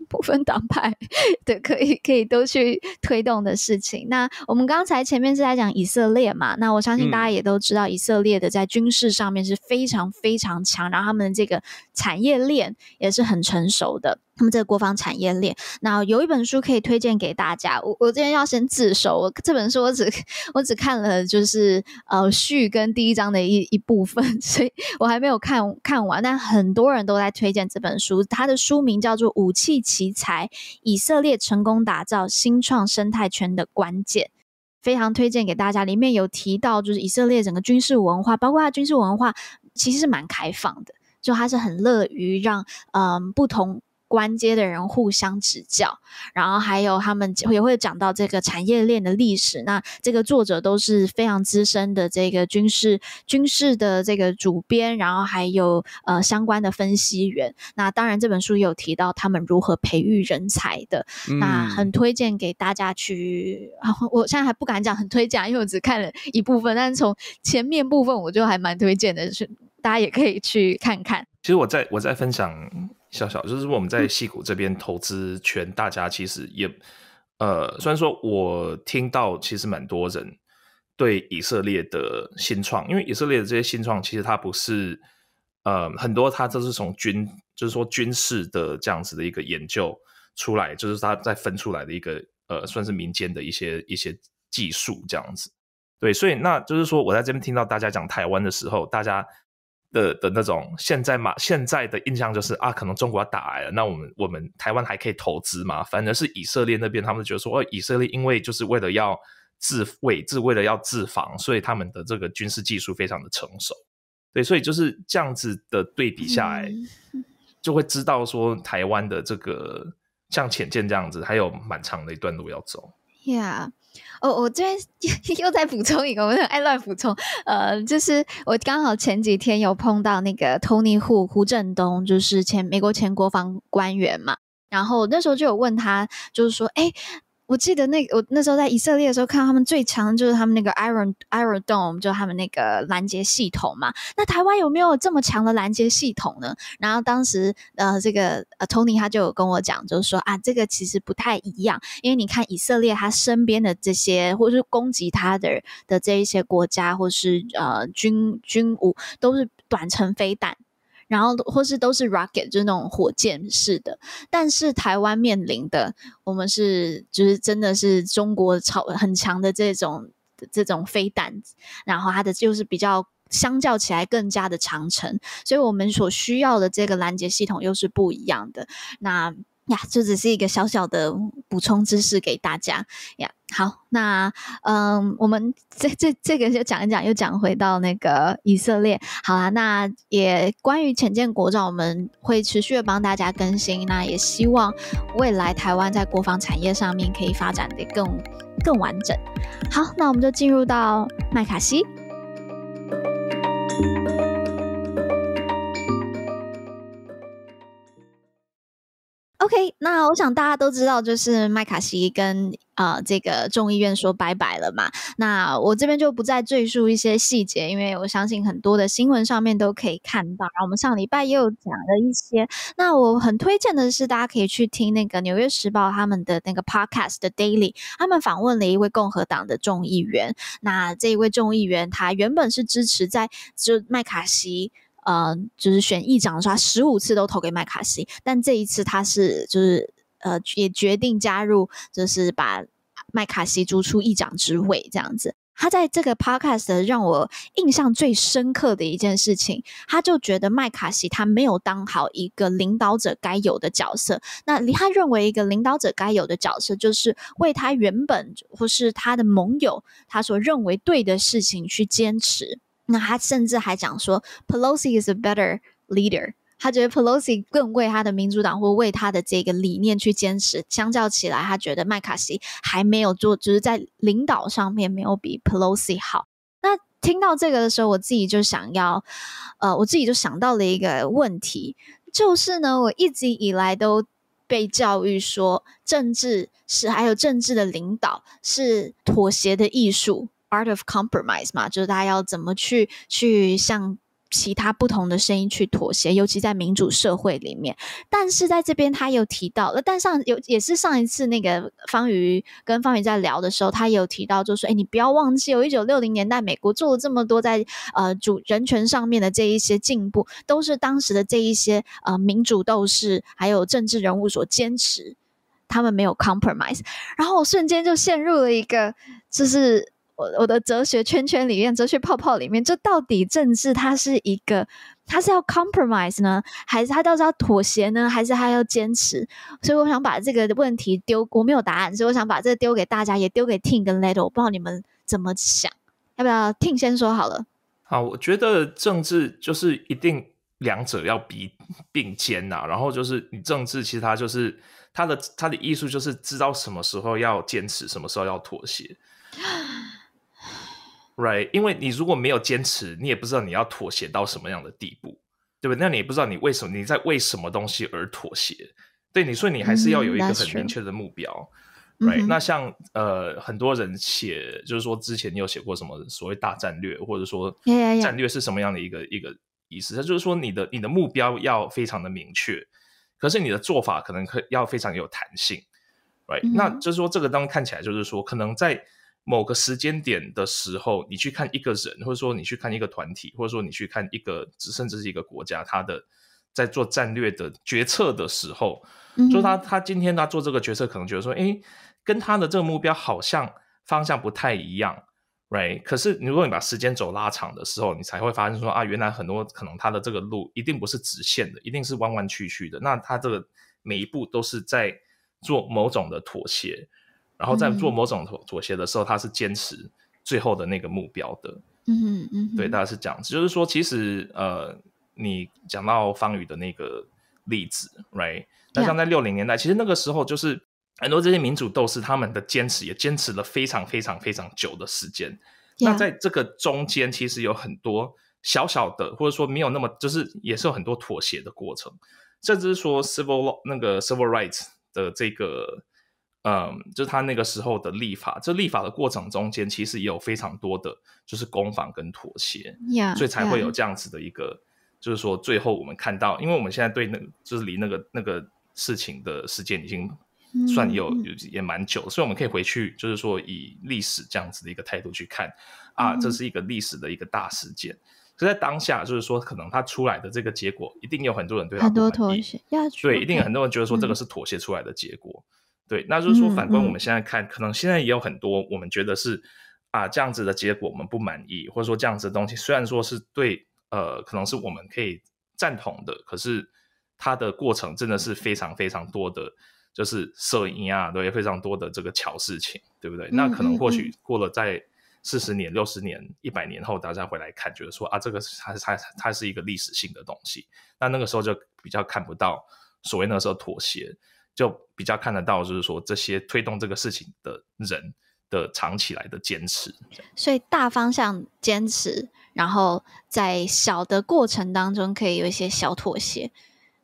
不分黨派的。對，可以可以都去推動的事情。那我們剛才前面是在講以色列嘛，那我相信大家也都知道，以色列的在軍事上面是非常非常強，嗯、然後他們的這個產業鏈也是很成熟的。他們這個國防產業鏈，那有一本書可以推薦給大家。我我今天要先自首，我這本書我只我只看了就是呃序跟第一章的一一部分，所以我還沒有看看完。但很多人都在推薦這本書，它的書名叫做《武器奇才：以色列成功打造新創生態圈的關鍵》，非常推薦給大家。裡面有提到就是以色列整個軍事文化，包括它軍事文化其實是蠻開放的，就它是很樂於讓嗯、呃、不同。官階的人互相指教，然後還有他們也會講到這個產業鏈的歷史。那這個作者都是非常資深的這個軍事軍事的這個主編，然後還有呃相關的分析員。那當然這本書有提到他們如何培育人才的，嗯、那很推薦給大家去、啊。我現在還不敢講很推薦，因為我只看了一部分，但是從前面部分我就還蠻推薦的，是大家也可以去看看。其實我在我在分享。小小就是我們在矽谷這邊投資圈，嗯、大家其實也，呃，雖然說我聽到其實蠻多人對以色列的新創，因為以色列的這些新創其實它不是，呃，很多它都是從軍，就是說軍事的這樣子的一個研究出來，就是它在分出來的一個呃，算是民間的一些一些技術這樣子。對，所以那就是說我在這邊聽到大家講台灣的時候，大家。的的那種，現在嘛，現在的印象就是啊，可能中國要打來了，那我們我們台灣還可以投資嘛？反正是以色列那邊，他們覺得說，哦，以色列因為就是為了要自衛，自為了要自防，所以他們的這個軍事技術非常的成熟，對，所以就是這樣子的對比下來，嗯、就會知道說，台灣的這個像潛艦這樣子，還有蠻長的一段路要走，yeah. 哦，我這邊又又再補充一個，我很愛亂補充。呃，就是我剛好前幾天有碰到那個 Tony Who, 胡振東，就是前美國前國防官員嘛，然後那時候就有問他，就是說，哎。我記得那個，我那時候在以色列的時候，看到他們最強的就是他們那個 Iron, Iron Iron Dome，就他們那個攔截系統嘛。那台灣有沒有這麼強的攔截系統呢？然後當時呃，這個呃 Tony 他就有跟我講，就是說啊，這個其實不太一樣，因為你看以色列他身邊的這些，或是攻擊他的的這一些國家，或是呃軍軍武都是短程飛彈。然後或是都是 rocket，就是那種火箭式的。但是台灣面臨的，我們是就是真的是中國超很強的這種這種飛彈，然後它的就是比較相較起來更加的長程，所以我們所需要的這個攔截系統又是不一樣的。那呀，這只是一個小小的補充知識給大家呀。好，那嗯，我們這這這個就講一講，又講回到那個以色列。好啦，那也關於潛艦國造，我們會持續的幫大家更新。那也希望未來台灣在國防產業上面可以發展得更更完整。好，那我們就進入到麥卡錫。OK，那我想大家都知道，就是麥卡錫跟呃這個眾議院說拜拜了嘛。那我這邊就不再贅述一些細節，因為我相信很多的新聞上面都可以看到。然後我們上禮拜也有講了一些。那我很推薦的是，大家可以去聽那個《紐約時報》他們的那個 Podcast 的 Daily，他們訪問了一位共和黨的眾議員。那這一位眾議員，他原本是支持在就麥卡錫。呃，就是選議長的時候，他十五次都投給麥卡錫，但這一次他是就是呃，也決定加入，就是把麥卡錫逐出議長之位這樣子。他在這個 podcast 讓我印象最深刻的一件事情，他就覺得麥卡錫他沒有當好一個領導者該有的角色。那他認為一個領導者該有的角色，就是為他原本或是他的盟友他所認為對的事情去堅持。那他甚至還講說，Pelosi is a better leader。他覺得 Pelosi 更為他的民主黨或為他的這個理念去堅持，相較起來，他覺得麥卡錫還沒有做，就是在領導上面沒有比 Pelosi 好。那聽到這個的時候，我自己就想要，呃，我自己就想到了一個問題，就是呢，我一直以來都被教育說，政治是還有政治的領導是妥協的藝術。art of compromise 嘛，就是大家要怎麼去去向其他不同的聲音去妥協，尤其在民主社會裡面。但是在這邊，他有提到了，但上有也是上一次那個方宇跟方宇在聊的時候，他也有提到，就是，就說：“哎，你不要忘記，哦一九六零年代，美國做了這麼多在呃主人權上面的這一些進步，都是當時的這一些呃民主鬥士還有政治人物所堅持，他們沒有 compromise。”然後我瞬間就陷入了一個就是。我我的哲學圈圈裡面，哲學泡泡裡面，這到底政治它是一個，它是要 compromise 呢，還是它到底是要妥協呢，還是它要堅持？所以我想把這個問題丟，我沒有答案，所以我想把這個丟給大家，也丟給 Ting 跟 Laddo，我不知道你們怎麼想，要不要 Ting 先說好了？好，我覺得政治就是一定兩者要比並肩吶、啊，然後就是你政治其實它就是它的它的藝術，就是知道什麼時候要堅持，什麼時候要妥協。 Right，因為你如果沒有堅持，你也不知道你要妥協到什麼樣的地步，對不對？那你也不知道你為什麼你在為什麼東西而妥協，對，你所以你還是要有一個很明確的目標，Right。那像呃很多人寫，就是說之前你有寫過什麼所謂大戰略，或者說戰略是什麼樣的一個 yeah, yeah. 一個意思，那就是說你的你的目標要非常的明確，可是你的做法可能可要非常有彈性，Right、mm。Hmm. 那就是說這個當看起來就是說可能在。某個時間點的時候，你去看一個人，或者說你去看一個團體，或者說你去看一個甚至是一個國家，他的在做戰略的決策的時候，說、嗯、哼他他今天他做這個決策，可能覺得說，哎，跟他的這個目標好像方向不太一樣，right？可是如果你把時間軸拉長的時候，你才會發現說啊，原來很多可能他的這個路一定不是直線的，一定是彎彎曲曲的。那他這個每一步都是在做某種的妥協。然後在做某種妥協的時候，mm hmm. 他是堅持最後的那個目標的。嗯嗯嗯，hmm, mm hmm. 對，大概是這樣子，就是說，其實呃，你講到方宇的那個例子，right？那 Yeah. 像在六零年代，其實那個時候就是很多這些民主鬥士他們的堅持也堅持了非常非常非常久的時間。Yeah. 那在這個中間，其實有很多小小的，或者說沒有那麼就是也是有很多妥協的過程，甚至說 civil 那個 civil rights 的這個。嗯，就是他那個時候的立法，這立法的過程中間，其實也有非常多的就是攻防跟妥協，yeah, yeah. 所以才會有這樣子的一個，Yeah. 就是說最後我們看到，因為我們現在對那個，就是離那個那個事情的時間已經算有、mm hmm. 有也蠻久，所以我們可以回去，就是說以歷史這樣子的一個態度去看，啊，mm hmm. 這是一個歷史的一個大事件，所以在當下，就是說可能他出來的這個結果，一定有很多人對他不滿意，很多妥協，yeah. 對，一定有很多人覺得說這個是妥協出來的結果。Okay. Mm hmm. 對，那就是說，反觀我們現在看，嗯嗯、可能現在也有很多我們覺得是啊這樣子的結果，我們不滿意，或者說這樣子的東西，雖然說是對，呃，可能是我們可以贊同的，可是它的過程真的是非常非常多的就是攝影啊，對,對，非常多的這個喬事情，對不對？那可能或許過了在四十年、六十、嗯嗯、年、一百年後，大家回來看，覺得說啊，這個它它它是一個歷史性的東西，那那個時候就比較看不到所謂那時候妥協。就比較看得到，就是說這些推動這個事情的人的長期來的堅持，所以大方向堅持，然後在小的過程當中可以有一些小妥協。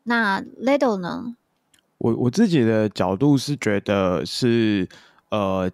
那 little 呢？我我自己的角度是覺得是呃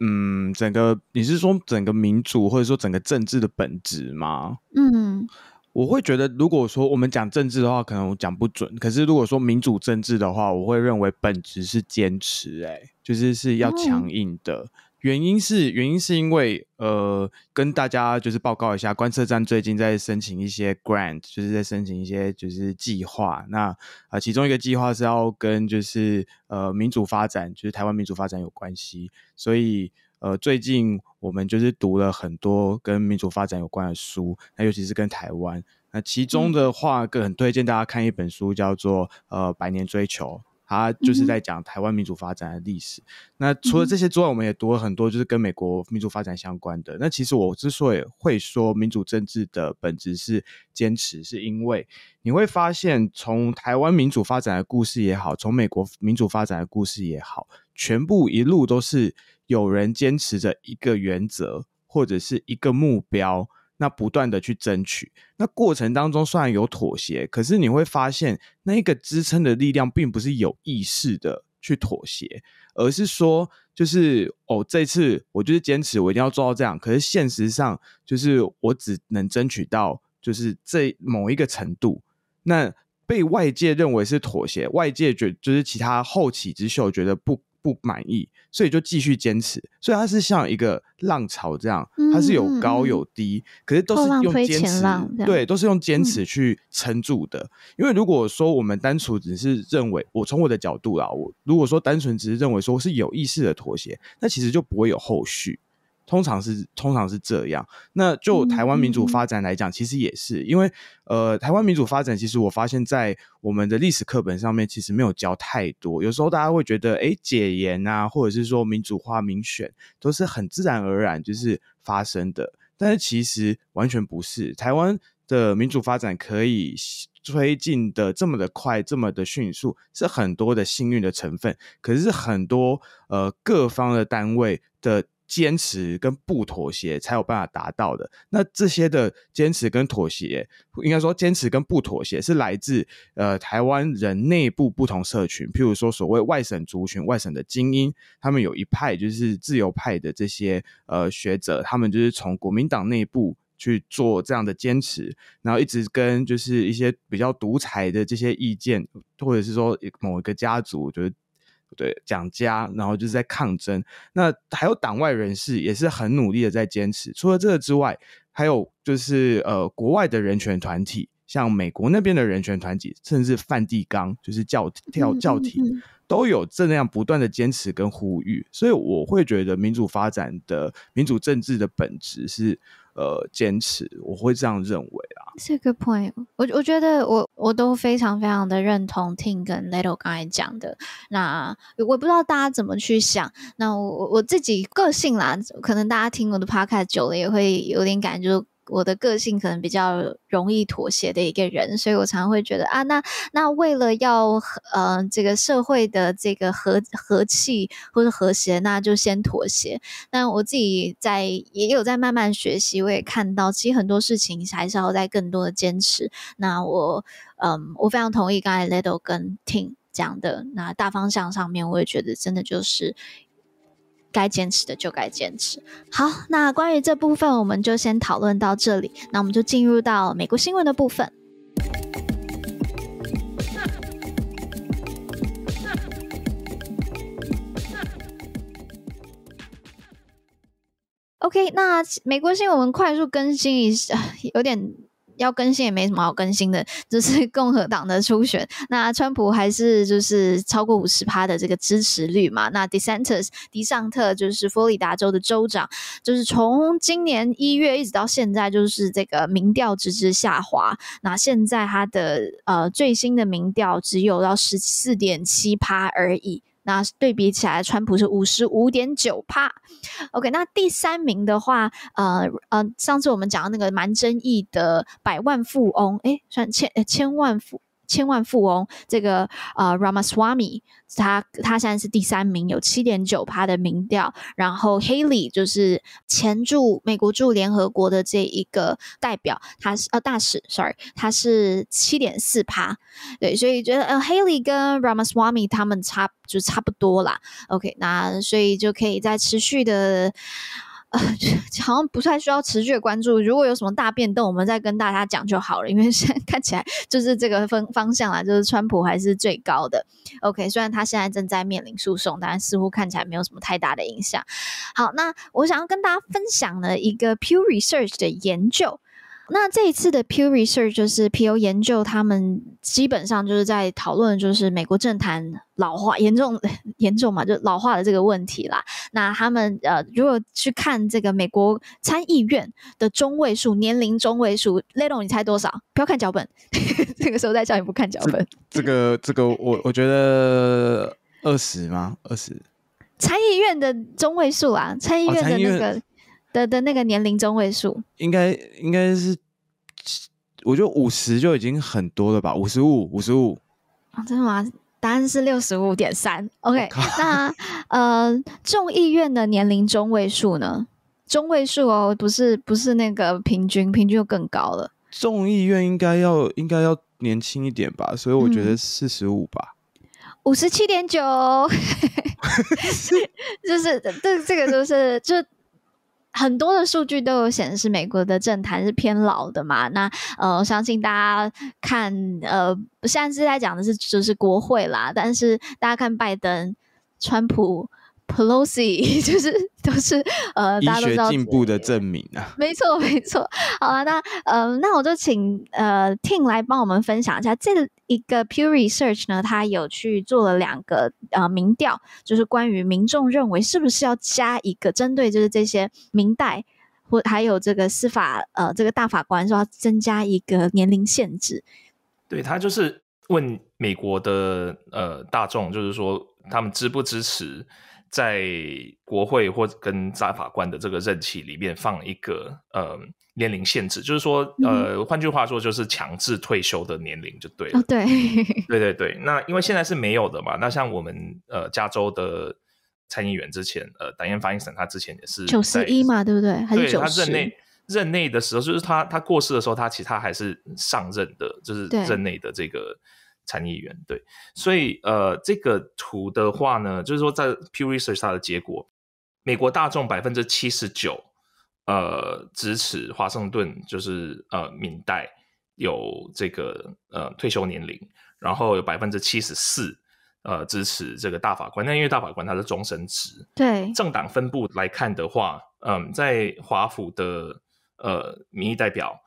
嗯，整個你是說整個民主或者說整個政治的本質嗎？嗯。我會覺得，如果說我們講政治的話，可能我講不準。可是如果說民主政治的話，我會認為本質是堅持、欸，哎，就是是要強硬的。原因是原因是因為，呃，跟大家就是報告一下，觀測站最近在申請一些 grant，就是在申請一些就是計劃。那啊、呃，其中一個計劃是要跟就是呃民主發展，就是台灣民主發展有關係，所以。呃，最近我們就是讀了很多跟民主發展有關的書，那尤其是跟台灣。那其中的話，更很推薦大家看一本書，叫做呃，《百年追求》，它就是在講台灣民主發展的歷史。那除了這些之外，我們也讀了很多就是跟美國民主發展相關的。那其實我之所以會說民主政治的本質是堅持，是因為你會發現，從台灣民主發展的故事也好，從美國民主發展的故事也好。全部一路都是有人堅持着一個原則或者是一個目標，那不斷的去爭取。那過程當中雖然有妥協，可是你會發現那一個支撐的力量並不是有意識的去妥協，而是說就是哦，這次我就是堅持，我一定要做到這樣。可是現實上就是我只能爭取到就是這某一個程度，那被外界認為是妥協，外界覺就是其他後起之秀覺得不。不滿意，所以就繼續堅持，所以它是像一個浪潮這樣，它、嗯、是有高有低，嗯、可是都是用堅持，對，都是用堅持去撐住的。嗯、因為如果說我們單純只是認為，我從我的角度啊，我如果說單純只是認為說是有意識的妥協，那其實就不會有後續。通常是通常是這樣。那就台灣民主發展來講，嗯嗯嗯。其實也是因為，呃，台灣民主發展，其實我發現在我們的歷史課本上面，其實沒有教太多。有時候大家會覺得，哎、欸，解嚴啊，或者是說民主化、民選，都是很自然而然就是發生的。但是其實完全不是。台灣的民主發展可以推進的這麼的快、這麼的迅速，是很多的幸運的成分。可是，是很多呃各方的單位的。堅持跟不妥協才有辦法達到的。那這些的堅持跟妥協，應該說堅持跟不妥協是來自呃台灣人內部不同社群，譬如說所謂外省族群、外省的精英，他們有一派就是自由派的這些呃學者，他們就是從國民黨內部去做這樣的堅持，然後一直跟就是一些比較獨裁的這些意見，或者是說某一個家族，就是對，蔣家，然後就是在抗爭。那還有黨外人士也是很努力的在堅持。除了這個之外，還有就是呃，國外的人權團體，像美國那邊的人權團體，甚至梵蒂岡就是教教教廷，都有這樣不斷的堅持跟呼籲。所以我會覺得，民主發展的民主政治的本質是。呃，堅持，我會這樣認為啊。這個 point，我我覺得我我都非常非常的認同，聽跟 little 剛才講的。那我我不知道大家怎麼去想，那我我自己個性啦，可能大家聽我的 podcast 久了也會有點感覺。我的個性可能比較容易妥協的一個人，所以我常常會覺得啊，那那為了要呃這個社會的這個和和氣或是和諧，那就先妥協。那我自己在也有在慢慢學習，我也看到，其實很多事情還是要在更多的堅持。那我嗯、呃，我非常同意剛才 Little 跟 Ting 講的，那大方向上面，我也覺得真的就是。該堅持的就該堅持。好，那關於這部分我們就先討論到這裡，那我們就進入到美國新聞的部分。OK，那美國新聞我們快速更新一下，有點。要更新也沒什麼好更新的，就是共和黨的初選，那川普還是就是超過五十趴的這個支持率嘛。那迪桑特迪桑特就是佛羅里達州的州長，就是從今年一月一直到現在，就是這個民調直直下滑。那現在他的呃最新的民調只有到十四點七趴而已。那對比起來，川普是五十五點九趴。OK，那第三名的話，呃呃，上次我們講到那個蠻爭議的百萬富翁，哎，算千呃千萬富。千萬富翁，這個呃 Ramaswamy 他他現在是第三名，有七點九趴的民調。然後 Haley 就是前駐美國駐聯合國的這一個代表，他是呃、啊、大使，sorry，他是七點四趴。對，所以覺得呃 Haley 跟 Ramaswamy 他們差就差不多啦。OK，那所以就可以在持續的。呃， 好像不太需要持續的關注。如果有什麼大變動，我們再跟大家講就好了，因為現在看起來就是這個分方向啦，就是川普還是最高的。OK，雖然他現在正在面臨訴訟，但似乎看起來沒有什麼太大的影響。好，那我想要跟大家分享的一個 Pew Research 的研究。那這一次的 Pew Research 就是皮尤研究，他們基本上就是在討論，就是美國政壇老化嚴重，嚴重嘛，就老化的這個問題啦。那他們呃，如果去看這個美國參議院的中位數年齡，中位數 Leo 你猜多少？不要看腳本， 這個時候再叫你不看腳本。這個，這個我，我我覺得二十嗎？二十？參議院的中位數啊，參議院的那個。哦的的那個年齡中位數，應該應該是，我覺得五十就已經很多了吧，五十五，五十五，啊，真的嗎？答案是六十五點三，OK、oh God。那。那呃，眾議院的年齡中位數呢？中位數哦，不是不是那個平均，平均就更高了。眾議院應該要應該要年輕一點吧，所以我覺得四十五吧，五十七點九，就是這這個就是就。很多的數據都有顯示，美國的政壇是偏老的嘛。那呃，我相信大家看，呃，現在是在講的是就是國會啦，但是大家看拜登、川普。Pelosi 就是都是呃醫學大家都知道進步的證明啊，沒錯沒錯。好啊，那呃那我就請呃 Tim 來幫我們分享一下這一個 Pew Research 呢，他有去做了兩個呃民調，就是關於民眾認為是不是要加一個針對就是這些民代或還有這個司法呃這個大法官說要增加一個年齡限制。對他就是問美國的呃大眾，就是說他們支不支持。在國會或者跟大法官的這個任期裡面放一個呃年齡限制，就是說呃，換句話說就是強制退休的年齡就對了。哦、對、嗯、對對對，那因為現在是沒有的嘛。對那像我們呃加州的參議員之前呃，Dianne Feinstein，他之前也是九十一嘛，對不對？對，他任內任內的時候，就是他他過世的時候，他其實還是上任的，就是任內的這個。參議員對，所以呃，這個圖的話呢，就是說在 Pew Research 它的結果，美國大眾百分之七十九呃支持華盛頓，就是呃，民代有這個呃退休年齡，然後有百分之七十四呃支持這個大法官。那因為大法官他是終身職，對政黨分布來看的話，嗯、呃，在華府的呃民意代表。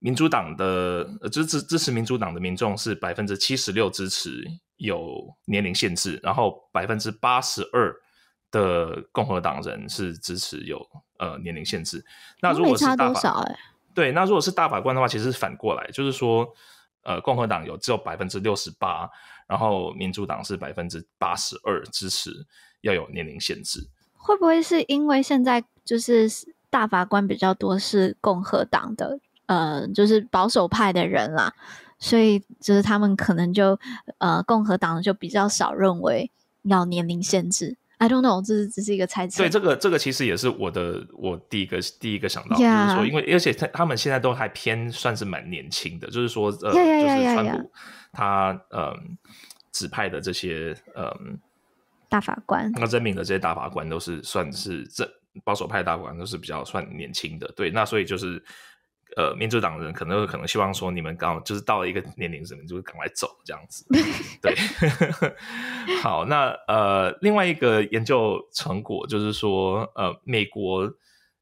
民主黨的呃，支支支持民主黨的民眾是百分之七十六支持有年齡限制，然後百分之八十二的共和黨人是支持有呃年齡限制。那如果差多少欸？哎，對，那如果是大法官的話，其實反過來就是說，呃，共和黨有只有百分之六十八，然後民主黨是百分之八十二支持要有年齡限制。會不會是因為現在就是大法官比較多是共和黨的？呃，就是保守派的人啦，所以就是他們可能就呃，共和黨就比較少認為要年齡限制。I don't know，這是只是一個猜測。對，這個這個其實也是我的我第一個第一個想到，Yeah. 就是說，因為而且他他們現在都還偏算是蠻年輕的，就是說呃，Yeah. 就是川普他 Yeah. 呃指派的這些呃大法官，那證明的這些大法官都是算是這保守派的大法官都是比較算年輕的。對，那所以就是。呃，民主黨的人可能可能希望說，你們剛好就是到了一個年齡什麼，就是趕快走這樣子。對， 好，那呃，另外一個研究成果就是說，呃，美國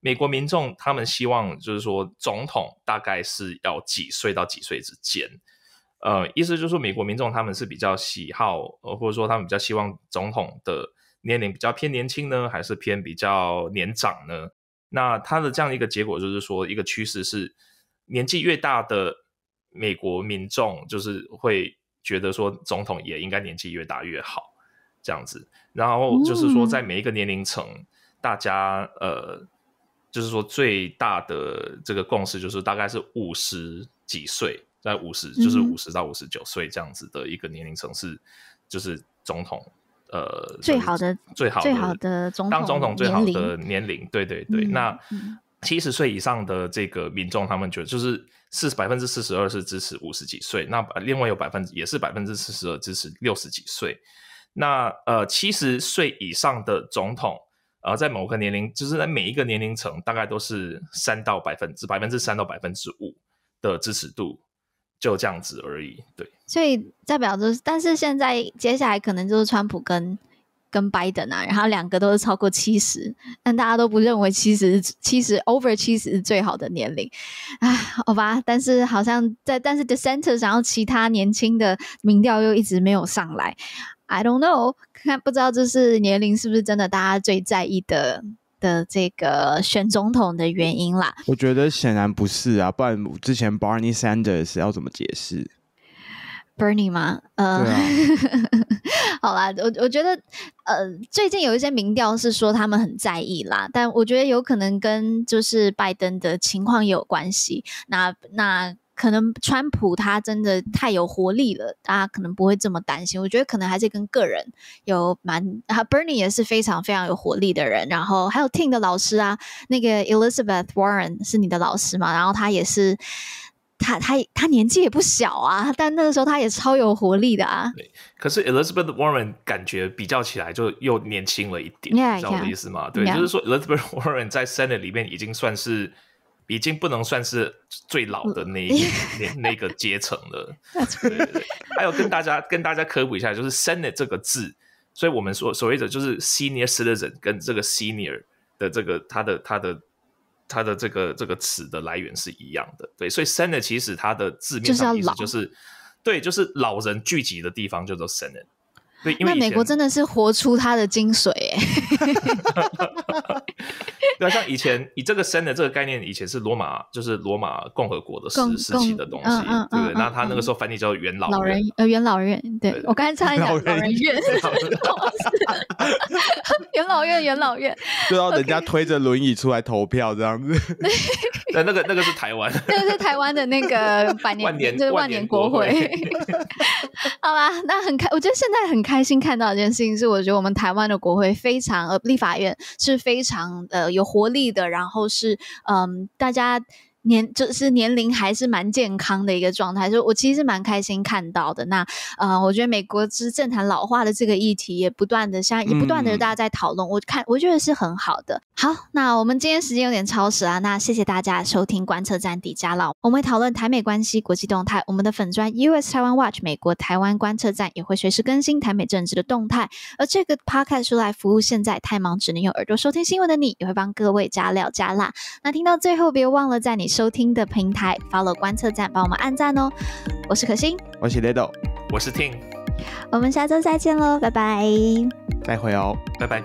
美國民眾他們希望就是說，總統大概是要幾歲到幾歲之間。呃，意思就是說，美國民眾他們是比較喜好，或者說他們比較希望總統的年齡比較偏年輕呢，還是偏比較年長呢？那他的這樣一個結果就是說，一個趨勢是，年紀越大的美國民眾就是會覺得說，總統也應該年紀越大越好這樣子。然後就是說，在每一個年齡層，大家呃，就是說最大的這個共識就是，大概是五十幾歲，在五十就是五十到五十九歲這樣子的一個年齡層是，就是總統。呃，最好的、最好的總統當總統，最好的年齡，年齡對對對。嗯，那七十歲以上的這個民眾他們覺得就是是百分之四十二是支持五十幾歲，那另外有百分之也是百分之四十二支持六十幾歲。那呃，七十歲以上的總統，呃，在某個年齡，就是在每一個年齡層，大概都是三到百分之百分之三到百分之五的支持度。就這樣子而已，對。所以代表就是，但是現在接下來可能就是川普跟跟拜登啊，然後兩個都是超過七十，但大家都不認為七十七十 over 七十是最好的年齡，啊，好吧。但是好像在但是 DeSantis，然後其他年輕的民調又一直沒有上來，I don't know，看不知道這是年齡是不是真的大家最在意的的這個選總統的原因啦，我覺得顯然不是啊，不然之前 Bernie Sanders 要怎麼解釋？Bernie 嗎？嗯、呃，啊、 好啦，我我覺得呃，最近有一些民調是說他們很在意啦，但我覺得有可能跟就是拜登的情況也有關係。那那。可能川普他真的太有活力了，大家可能不會這麼擔心。我覺得可能還是跟個人有蠻，他 Bernie 也是非常非常有活力的人。然後還有 Ting 的老師啊，那個 Elizabeth Warren 是你的老師嘛？然後他也是，他他他年紀也不小啊，但那個時候他也超有活力的啊。可是 Elizabeth Warren 感覺比較起來就又年輕了一點，yeah, 你知道我的意思嗎？yeah. 對，就是說 Elizabeth Warren 在 Senate 裡面已經算是。已經不能算是最老的那一 那那個階層了。 對對對，還有跟大家跟大家科普一下，就是 senate 這個字，所以我們說所，所謂的就是 senior citizen，跟這個 senior 的這個它的它的它的這個這個詞的來源是一樣的。對，所以 senate 其實它的字面上意思就是，就是要老，就是對，就是老人聚集的地方叫做 senate。對，因為那美國真的是活出它的精髓 對、啊，像以前以這個 Senate 的這個概念，以前是羅馬，就是羅馬共和國的時時期的東西，嗯嗯嗯、對不對？那他、嗯嗯嗯、那個時候翻譯叫元老院，老人呃元老院，對，我剛才差一點老人院，元老院元老院， 老院老院就要人家推着輪椅出來投票這樣子。那 Okay. 那個、那個、那個是台灣、 那個，那個是台灣的那個百年，萬年就是萬年國會。國會 好吧。那很開，我覺得現在很開心看到一件事情，是我覺得我們台灣的國會非常，呃，立法院是非常的呃有。活力的，然後是嗯，大家，年就是年齡還是蠻健康的一個狀態，就我其實是蠻開心看到的。那呃，我覺得美國之政壇老化的這個議題也不斷的，現在也不斷的大家在討論，嗯、我看我覺得是很好的。好，那我們今天時間有點超時啊，那謝謝大家收聽觀測站底加辣。我們會討論台美關係、國際動態。我們的粉專 U.S. Taiwan Watch 美國台灣觀測站也會隨時更新台美政治的動態，而這個 Podcast 出來服務現在太忙只能用耳朵收聽新聞的你，也會幫各位加料加辣。那聽到最後，別忘了在你。收聽的平台 Follow 觀測站，幫我們按讚哦！我是可欣，我是 Leo，我是 Ting，我們下周再見嘍，拜拜！再會哦，拜拜。